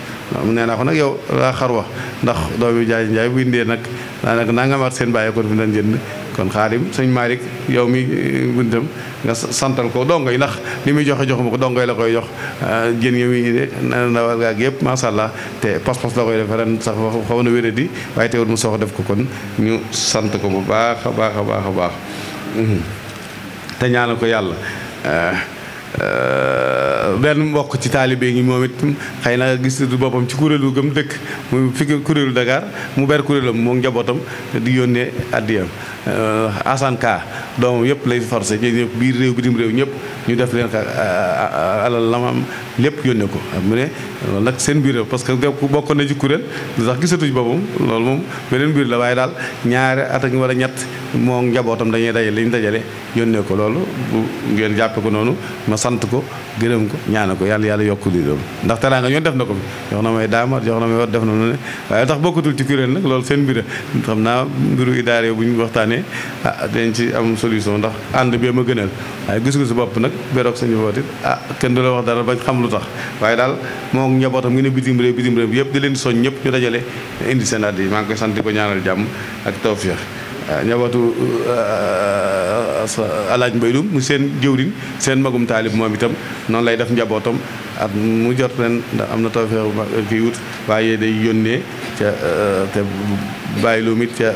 mu naa ko yow la xar ndax doomi jaaj bu nak daanaka nangam ak seen bàyyi kon fi daan jënd kon xaadim sëñ Malick yow mi guntam eh, nga santal ko dongo yi ndax li muy joxe joxuma ko dongo yi la koy jox ah, jën yi muy na ndawal gaag yëpp macha allah te pas-pas la koy defe ren sax xaw na wéré di waaye teewul mu sox def ko kon ñu sant ko bu baax a baax a baax a baax hmm. te ñaanal ko yàlla ah. Euh, benn mbokk ci taalibe ngi moom it xëy na gis boppam ci kuréelu gëm dëkk mu fi kuréelu Dakar mu ber kuréelam moom njabootam di yónnee addiyam euh, Assane Ka doomam yëpp lay forcé ci ñëpp biir réew bitim réew ñëpp ñu def leen ka euh, alal lamam lépp yónnee ko mu ne loolu nag seen biir parce que bokkoon na ci kuréel lu tax gisatuñ boppam loolu moom beneen biir la waaye daal ñaari at ak wala ñett moo njabootam dañuy dajale li ñu dajale yónnee ko loolu bu ngeen jàppe ko noonu ma sant ko gërëm ko ñaana ko yàlla yàlla yokk lii doom ndax teraanga ñoon def na ko jox na may daamar jox na may wat def na lu ne waaye tax bokkatul ci kuréel nag loolu seen biir xam naa mbiru idaare bu ñu waxtaanee ah dañ ci am solution ndax ànd bee ma gënal waaye gis-gisu bopp nag beroog sa njaboot it ah kenn du la wax dara bañ xam lu tax waaye daal moo njabootam ngi ne bitim réew bitim réew yëpp di leen soñ ñëpp ñu dajale indi seen addi maa ngi koy sant di jàmm ak tawféex ah, njabootu ah, ah, alaaj mbay mu seen jëwriñ seen magum taalib moom itam noonu lay def njabootam at mu jot leen ndax am na tawféex bu wut waaye day yónnee ca te bàyyi lu ca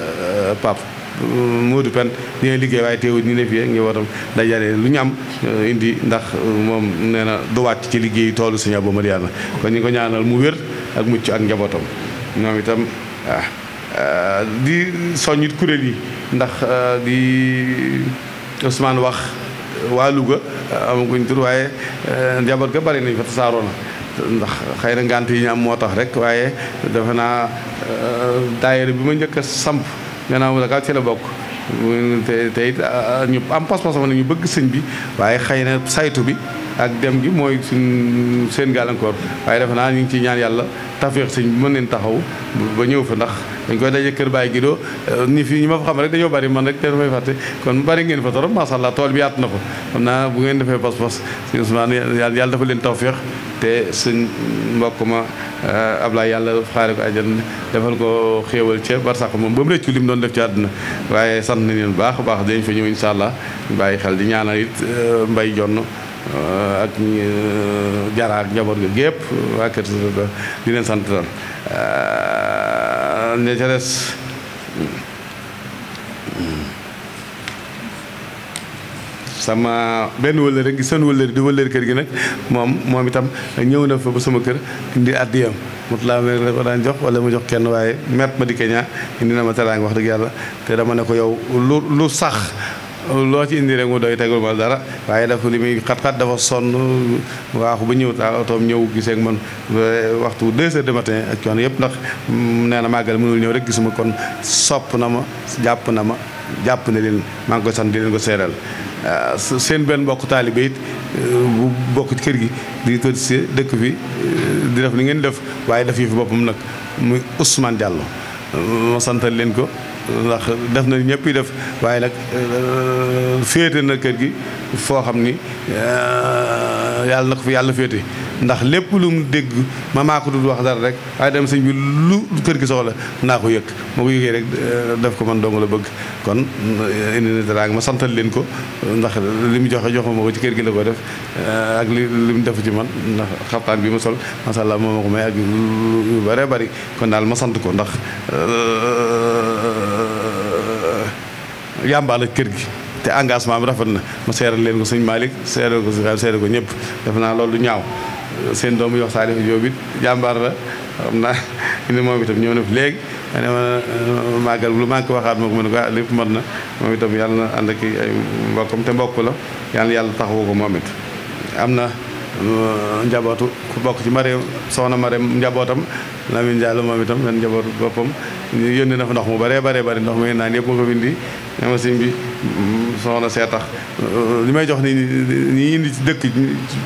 pap Modou Pène dina liggéey way teewul ni ne fi rek ñu war dajale lu ñam euh, indi ndax euh, mom nee na du wàcc ci liggéey toolu Sëñ Abo Mariama kon ñu ko ñaanal mu wër ak muccu ak njabotam ñom itam ah, ah, di soñit kurel yi ndax ah, di Ousmane wax euh, waluga am guñ tur waye njaboot ga bari ni fa tassarona ndax xeyna ngant yi ñam motax rek waye defe daayira bima ñëk samp gannaaw Dakar ah, ci la bokk te te it ah, ah, ñu am pas-pas ne ñu bëgg sëñ bi waaye xëy na saytu bi ak dem gi mooy suñ seen gàllankoor waaye defe naa ñu ngi ci ñaan yàlla tafeex sëñ bi mën leen taxaw ba ñëw fa ndax dañ koy daje kër Baye Guido eh, ni fi ñi ma fa xam rek dañoo bari man rek te may fàtte kon bari ngeen fa torop macha allah tool bi yaatu na fa xam naa bu ngeen defee pas-pas sëñ Ousmane yàlla dafa leen tawfeex te suñ mbokk ma eh, laa yàlla xaare ko àjjana defal ko xéewal ca barsax moom ba mu rëccu li mu doon def ci àdduna waaye sant nañ leen baax a baax dañ fa ñëw incha allah bàyyi xel di ñaanal it eh, mbay jonn eh, ak jaraa ak njaboot ga gépp waa kër sant daal ne sama benn wëllër rek seen wëllër di wëllër kër gi nag moom moom itam ñëw na fa ba sama kër indi addiyam motulaa mel ne ko daan jox wala mu jox kenn waaye met ma di keña indi na ma teraanga wax dëgg yàlla te dama ne ko yow lu lu sax loo ci indi rek mu doy tegul ma dara waaye dafa li muy xat-xat dafa sonn waaxu ba ñëw taal otoom ñëw gisee man waxtu deux heures de matin ak coono yëpp ndax mm, nee na màggal mënul ñëw rek gisuma kon sopp na ma jàpp na ma jàpp na leen maa ngi koy sant di leen ko seeral euh, seen benn mbokk taalibe it euh, bu bokk kër gi di tëdd si dëkk bi euh, di def ni ngeen def waaye def yi fi boppam nag muy Ousmane jàll ma santal leen ko ndax def na ñëpp def waaye nag féete na kër gi foo xam ni yàlla na ko fi yàlla féete ndax lépp lu mu dégg ma maa du dul wax dara rek waaye dem sëñ bi lu kër gi soxla naa ko yëg ma ko yëgee rek eh, def ko man dong la bëgg kon eh, indi na dara ma santal leen ko ndax li mu joxe joxe ma ko ci kër gi la ko def eh, ak li li def ci man ndax xartaan bi ma sol macha moom moo ma ko may ak lu bare bari kon daal ma sant ko ndax yàmbaala kër gi te engagement bi rafet na ma seeral leen ko sëñ Malick seeral ko seeral ko ñëpp def naa loolu ñaaw seen doomu yi wax Salif Diop it jàmbaar la xam na ne moom itam ñëw na fi léegi ma màggal lu manqué waxaat ma ko ma ne ah, lépp mën na moom itam yàlla na ànd ak ay mbokkam te mbokk la yàlla yàlla taxawu ko moom it am na uh, njabootu ku bokk ci mare soxna mare njabootam Lamine Diallo moom itam benn njabootu boppam yónnee na fa ndox mu baree bare bari ndox mu naan yëpp ma ko bindi ma sëñ soxna see tax euh, li may jox ni ñi indi dëkk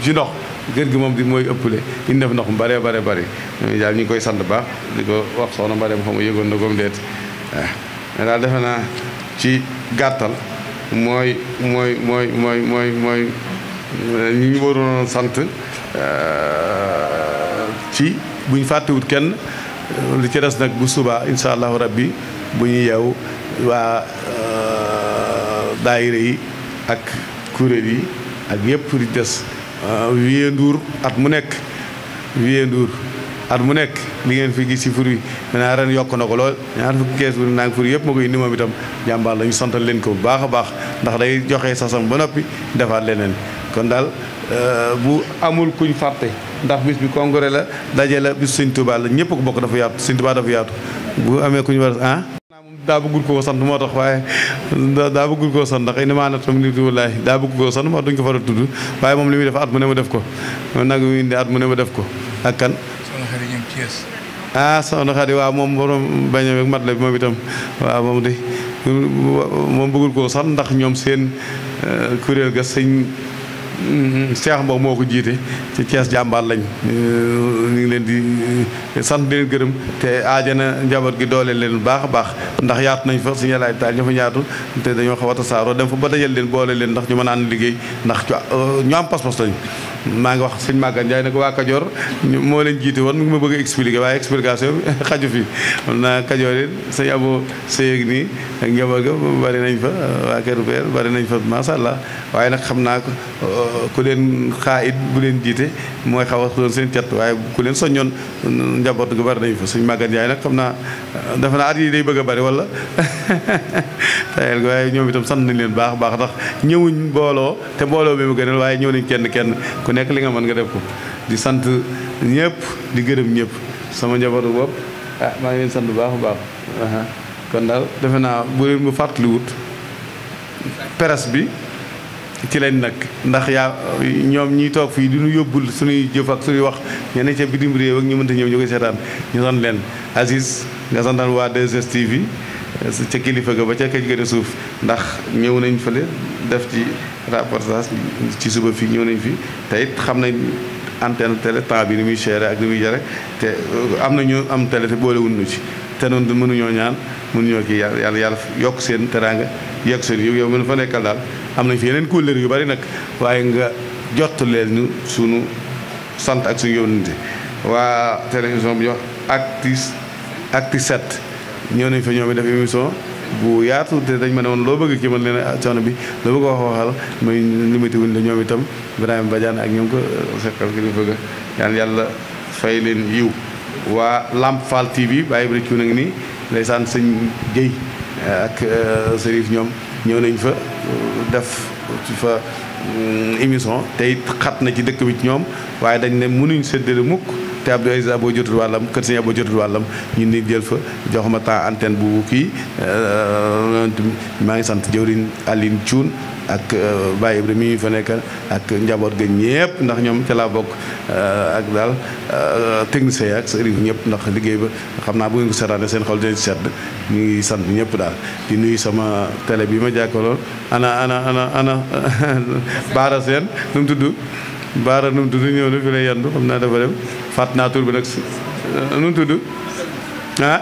ci ndox kër gi moom di mooy ëppale indi def ndox mu bare bare bare ñooñu daal ñu ngi koy sant baax di ko wax soxna mbare ma xam nga yëgoon na goom deet waaw mais daal defe naa ci gàttal mooy mooy mooy mooy mooy mooy ñi euh, ñu waroon sant euh, ci buñ fàttewut kenn li ci des nag bu subaa incha allahu rabbi bu ñu yeew waa daayira yi ak kuréel yi ak yëpp di des euh, wiye nduur at mu nekk wiye nduur at mu nekk li ngeen fi gis si fur bi maintenant ren yokk na ko lool ñaar fukki kees bu naangi fur yëpp ma koy indi moom itam jàmbaar la ñu leen ko bu baax a baax ndax day joxe sasam ba noppi defaat leneen kon daal euh, bu amul kuñ fàtte ndax bis bi congrès la daje la bis sëñ Tuubaa la ñëpp ko bokk dafa yaatu sëñ Tuubaa dafa yaatu bu amee kuñ war ah daa bëggul koo sant moo tax waaye daa bëggul koo sant ndax inama anatum li wallaahi daa bëggul koo sant moo tax duñ ko faral tudd waaye moom li muy def at mu ne ma def ko nag muy indi at mu ne ma def ko ak kan ah soxna Xadi waaw moom borom bañam ak mat la moom itam waa moom de moom bëggul koo sant ndax ñoom seen euh, kuréel ga sëñ Mhm. Cheikh Mbow moo ko jiite ci Thiès jàmbaar lañ ñu ngi leen di euh, sant leen gërëm te aajana njaboot gi dooleel leen bu baax a baax ndax yaatu nañ fa suñu laaj taal ñu fa ñaatu te dañoo xaw a tasaaroo dem fa ba dajal leen boole leen ndax ñu mën a liggéey ndax euh, ñu am pas-pas lañ maa ngi wax sëñ Maguette Ndiaye ne ko waa Kajoor moo leen jiite woon mu ngi ma bëgg a expliqué waaye explication bi xaju fi xam naa Kajoor it Abo Seyeg nii ak njaboot bari nañ fa waa bari nañ fa macha waaye nag xam naa euh, ku leen xaa it bu leen jiite mooy xaw a doon seen cat waaye ku leen soññoon njaboot ga bari nañ fa sëñ Maguette Ndiaye nag xam naa euh, dafa naa at yi day bëgg a bari wala tayel waaye ñoom itam sant nañ leen baax baax ndax ñëwuñ mbooloo te mbooloo bi mu gënal waaye ñëw nañ kenn kenn ku nekk li nga mën nga def ko di sant ñëpp di gërëm ñëpp sama njabootu bopp ah maa ngi leen sant bu baax baax kon daal defe naa bu leen bu fàttaliwut presse bi ci leen nag ndax yaa ñoom ñi toog fii di ñu yóbbul suñuy jëf ak suñuy wax ñeneen ca bitim réew ak ñu mënta ñëw ñu koy seetaan ñu sant leen Aziz nga santaan waa 2STV ca kilifa ga ba ca këj suuf ndax ñëw nañ fële def ci rapportage ci suba fii ñëw nañ fii te it xam nañ antenne télé temps bi ni muy chéré ak ni muy jare te euh, am na ñu am tele te boolewuñ nu ci te noonu mënuñoo ñaan mënuñoo kii yàlla yàlla yokk seen teraanga yokk seen yow yow mën fa nekkal daal am nañ fi yeneen couleur yu bari nag waaye nga jot leen ñu sunu sant ak suñu yónnante waa télévision bi ñuy wax Acti Acti ñëw nañ fa ñoom def émission bu yaatu te dañ ma ne woon loo bëgg kii man leen ah, coono bi loo bëgg wax waxal mooy limité wuñ la ñoom itam Ibrahima Badiane ak ñoom ko seqal ki ñu bëgg yaan yàlla fay leen yiw waa Lamp Fall TV bàyyi bi rëccu nag nii ndeysaan sëñ Guèye eh, ak eh, Serif ñoom ñëw nañ fa def ci fa mm, émission te it xat na ci dëkk bi ci ñoom waaye dañ ne mënuñ séddale mukk te Abdou Aziz boo jotul wàllam kër Sëñ boo jotul wàllam ñun ni jël fa jox ma temps antenne bu kii euh, maa ngi sant jëwriñ alin Thioune ak euh, Baye Ibrahima mi ñu fa nekkal ak njaboot ga ñëpp ndax ñoom ca bokk euh, ak daal technicien yi ak sëriñ ñëpp ndax liggéey ba xam naa bu ngeen ko seetaane seen xol dina ci sedd ñu ngi sant ñëpp daal di nuyu sama télé bi ma jàkkaarlool ana ana ana ana baara seen nu tudd baara nu mu tudd ñëw na fi lay yandu xam naa dafa dem naa tur bi nag nu mu tudd ah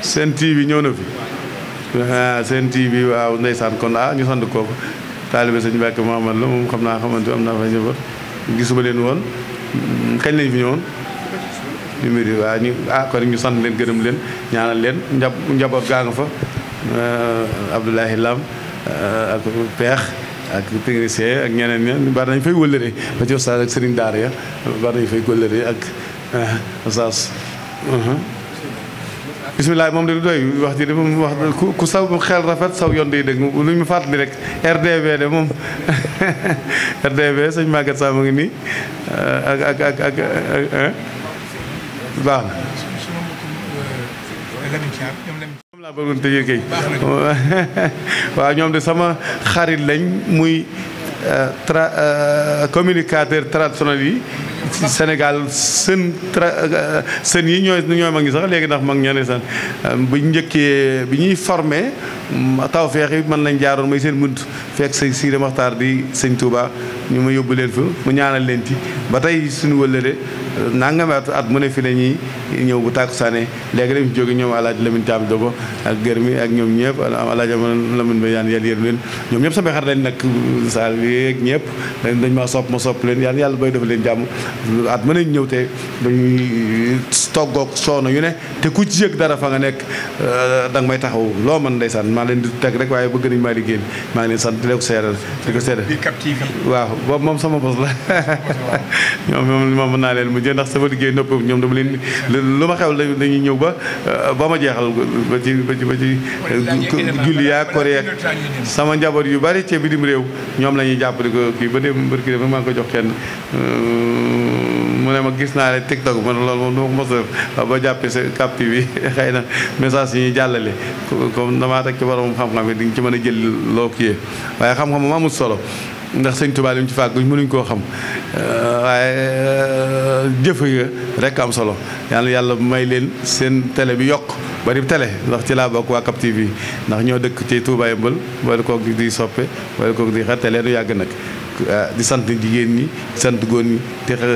seen TV ñëw na fi ah seen TV waaw ndeysaan kon ah ñu sant kooku taalibe sëñ Mbàkke Maamad la moom xam naa xamante am naa fa ñëfa gisuma leen woon mm, kañ lañ fi ñëwoon numéro yi waaw ñu ah kon gërëm leen ñaanal leen njaboot gaa nga fa ah, Abdoulahi Lam ah, Peex ak technicien ak ñeneen ña bari nañ fay wëllëre ba ci oustaz ak sëriñ daara eh, uh-huh. moom de du doy wax ji de moom wax ku saw xel rafet saw yoon day dégg lu ñu fàttali rek RDV de moom RDV sëñ Maguette Samb mu ngi nii eh, ak ak ak ak eh, baax laa bëggoon tëjee kay waaw ñoom de sama xarit lañ muy euh, tra euh, communicateur traditionnel yi Sénégal seen tra euh, seen yi ñooy ñooy mag ñi sax léegi ndax mag ñoo ne sax bu njëkkee bi ñuy formé taw feex yi man lañ jaaroon mooy seen bunt fekk sëñ Sidi Maxtaar di sëñ Touba ñu ma yóbbu leen fa mu ñaanal leen ci ba tey suñu wëllëre nangami at at mu ne fi la ñuy ñëw bu tàkkusaane léegi dañu fi jóge ñoom alaaji Lamine Thiam Dogo ak gërmi ak ñoom ñëpp alaaji Lamine ba yaan yàlla yërëm leen ñoom ñëpp sama xar lañ nag saal yeeg ñëpp dañ maa sopp ma sopp leen yàlla yàlla bay def leen jàmm at mën nañu ñëw te dañuy toggoog soono yu ne te ku ci yëg dara fa nga nekk euh, da nga may taxaw loo mën ndeysaan maa leen di teg rek waaye bëgg nañ maa liggéey maa ngi leen sant te leen ko seeral di ko seeral waaw boobu moom sama bos la ñoom moom moom mën naa leen mu mujjee ndax sama liggéey nopp ñoom dama leen lu ma xew dañuy ñëw ba euh, ba ma jeexal ba ci ba ci ba ci euh, julli yaa koreek sama njaboot yu bari ci bitim réew ñoom la ñuy jàppale ko kii ba dem mbërki def ngi ko jox kenn euh, mu ne ma gis naa leen TikTok man loolu moom du ma ba jàppee sa Cap TV na message yi ñuy jàllale comme damaa teg ci borom xam-xam yi di nga ci mën a jël loo kii waaye xam-xam moom amul solo ndax sëñ Tuubaa li mu ci fàgg mënuñ koo xam Euh, waaye euh, jëf ya rek am solo yàlla yàlla may leen seen télé bi yokk bari tele ndax ci laa bokk waa Cap TV ndax ñoo dëkk ci tuubaay Yëmbal boole kook di soppe boole kook di xar télé nu yàgg nag euh, di sant jigéen ñi sant góor ñi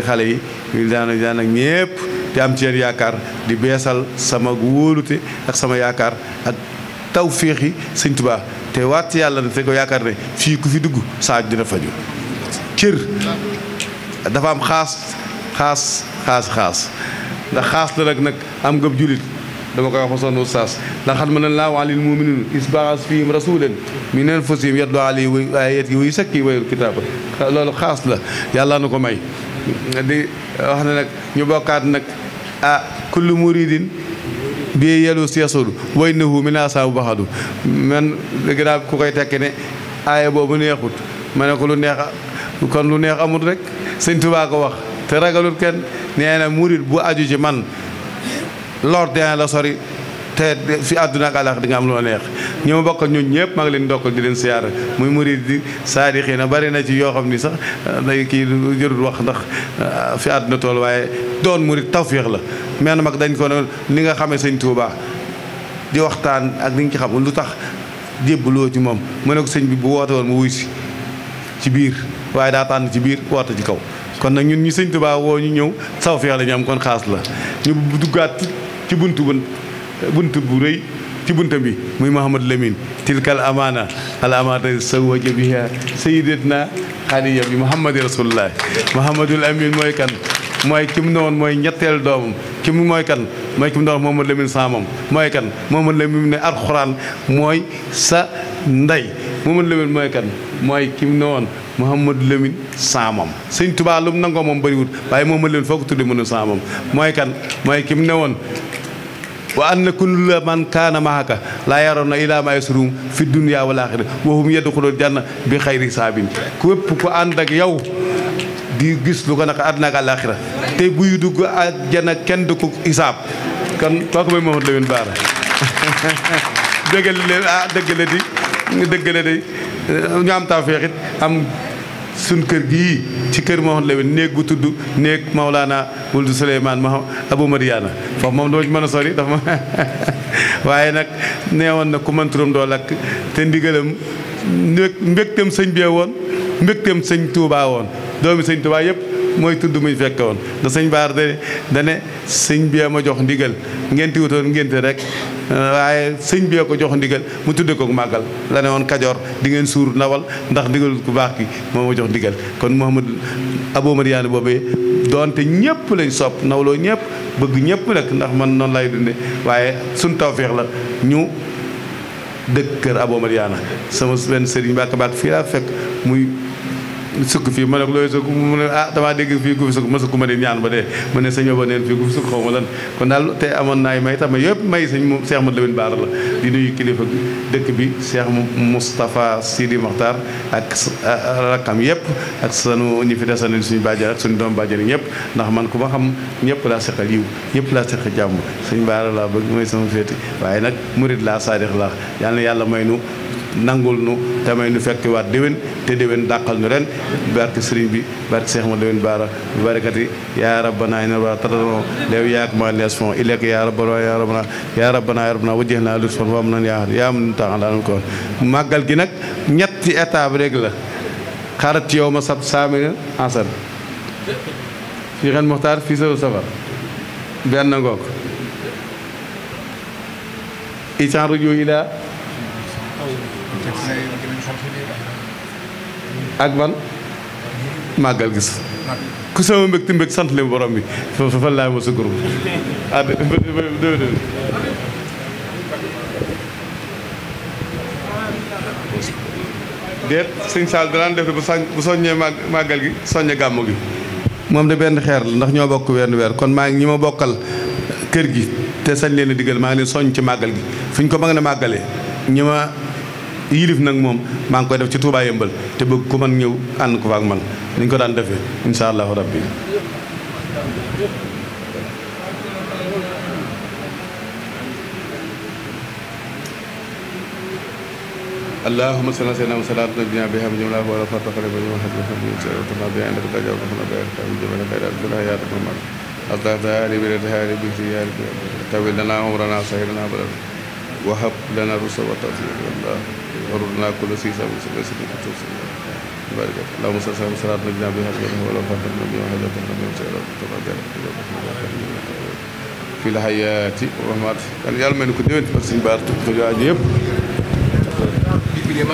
xale yi ñu daan jaan ak ñépp di am ci yaakaar di beesal sama wóolute ak sama yaakaar ak taw féexi sëñ Touba te waat yàlla na te ko yaakaar ne fii ku fi dugg saaj dina faju cër dafa am xaas xaas xaas xaas ndax xaas la nag nag am ngëb julit dama koy wax ma sonn oustaz ndax xam na laahu alil muminina isbaas fihim rasulan min anfusihim yatlu alayhim ayatihi wa yuzakki wa kitaaba loolu xaas la yàlla na ko may di wax ne nag ñu bokkaat nag ah kullu muridin bi yelu siyasulu wa innahu min asaabu baxadu man dëgg naa ku koy tekki ne aaya boobu neexut ma ne kon lu neex amul rek sëñ Tuubaa ko wax te ragalul kenn nee na murit bu aju ci man lor dina la sori te fi àdduna ak àllaax di nga am loo neex ñi ma bokkal ñun ñëpp maa ngi leen ndokkal di leen siyaara muy murid di saadixi na bari na ci yoo xam ni sax ah, day kii jërul wax ndax ah, fi àdduna tool waaye doon murid tawféex la mel mag dañ ko ne li nga xamee sëñ Tuubaa di waxtaan ak li nga ci xam lu tax jébbaloo ci moom mu ne ko sëñ bi bu woote woon mu wuy si ci biir waaye daa tànn ci biir woote ci kaw kon nag ñun ñu sëñ Tuubaa woo ñu ñëw saw feex la am kon xaas la ñu duggaat ci bunt bu buntu bu rëy ci buntam bi muy Mouhamad Lamine tilkal amaana al amaana sawaja biha sayidatna xaaliya bi Mouhamadi rasulullah Mouhamadul Amin mooy kan mooy ki mu ne woon mooy ñetteel doomam ki mu mooy kan mooy ki mu ne woon Mouhamad Lamine saamam mooy kan Mouhamad Lamine ne mooy sa ndey Mouhamad Lamine mooy mu ne woon Mouhamadou Lamine saamam sëñ Tuubaa lu mu nangoo moom waaye moom ma leen foo ko tudde mënu saamam mooy kan mooy ki mu ne woon wa anna kulla man kaana mahaka laa yaroona ilaa ma yasurum fi dunya wal aaxira wa hum yadxulul janna bi xayri saabin képp ku ànd ak yow di gis lu ko naka àddina ak àllaaxira te buy dugg ak janna kenn du ko hisaab kon kooku mooy Mouhamadou Lamine Bara dëggal leen ah nga dëggale day euh, ñu am tawfeex am suñ kër gii ci kër Mawone Lewin néeg bu tudd néeg Maulana Wuldu Souleymane ma Abou Mariana foofu moom doo ci mën a sori dafa ma waaye nag nee woon na ku man turam doo lakk te ndigalam mbégteem sëñ bee woon mbégteem sëñ Touba woon doomi sëñ Touba yëpp. mooy tudd muy fekke woon da sëñ baar de dane sëñ bi ma jox ndigal ngenti wutoon ngénte rek waaye sëñ bi ko jox ndigal mu tudde ko màggal la ne woon kajoor di ngeen suur nawal ndax ndigal ku baax ki moo ma jox ndigal kon Mouhamad Abou Mariane boobee doonte ñëpp lañ sopp nawloo ñëpp bëgg ñëpp nag ndax man noonu lay dunde waaye suñ tawféex la ñu dëkk kër Abou Mariane sama benn sëriñ bàkk bàkk fii laa fekk muy sukk fii ma ne ko looy ne ah damaa dégg fii ku fi sukk ma sukk ma di ñaan ba dee ma ne sëñ ba neen fii ku fi sukk xaw ma lan kon daal te amoon naa naay may tax ma yëpp may sa moom Cheikh Mouhamadou Lamine Bara la di nuyu kilifa dëkk bi Cheikh Moustapha Sidi Makhtar ak rakkam yëpp ak sanu ñi fi desandi suñu bàjjan ak suñu doom bàjjan ñëpp ndax man ku ma xam ñëpp laa seqal yiw ñëpp laa seqal jàmm sëñ Bara laa bëgg mooy sama féeti waaye nag murid laa saadix laa yal na yàlla may nu nangul nu tamay nu fekk waat déwén te déwén dàqal nu ren barke sëriñ bi barke Seex ma déwén baara barakati yaa rabbana ina wa tatanoo leew yaak ma nees fon ilek yaa rabbana yaa rabbana yaa rabbana daanam ko màggal gi nag ñetti étape rek la xarat yow ma sab saamina ansan fii xen muxtaar fii saw safar benn ngoog ican ruju ilaa ak ban màggal gis ku sama mbég ti mbég sant leen borom bi fa fa laay ma sa groupe ah déet Saal danaan def bu soññee màggal gi soññe gàmmu gi moom de benn xeer la ndax ñoo bokk wenn weer kon maa ngi ñi ma bokkal kër gi te sañ leen a digal maa ngi leen soññ ci màggal gi fu ñu ko mag na màggalee ñi ma yilif nak mom maa ngi koy def ci Touba Yëmbal te beug ku man ñëw ànd ko fa ak man ni ñu ko daan defee inshallah rabbi اللهم صل على وسلم على نبينا بها من جمله ولا فرق بين من حد من سيرتنا بها عندك جاء وحنا بها من جمله خير عبد الله يا رب المال الله تعالى بالتهاري بالتهاري طول لنا عمرنا سهلنا بلد وهب لنا رسل وتوفيق الله وردنا كل شيء سامي سامي سامي سامي بارك اللهم صل وسلم صلاة نجنا بها ولا فاتت نبي وحيد النبي وسيرة التوبة في الحياة ورحمة كان يالمن كديوت بس يبارك تجاجيب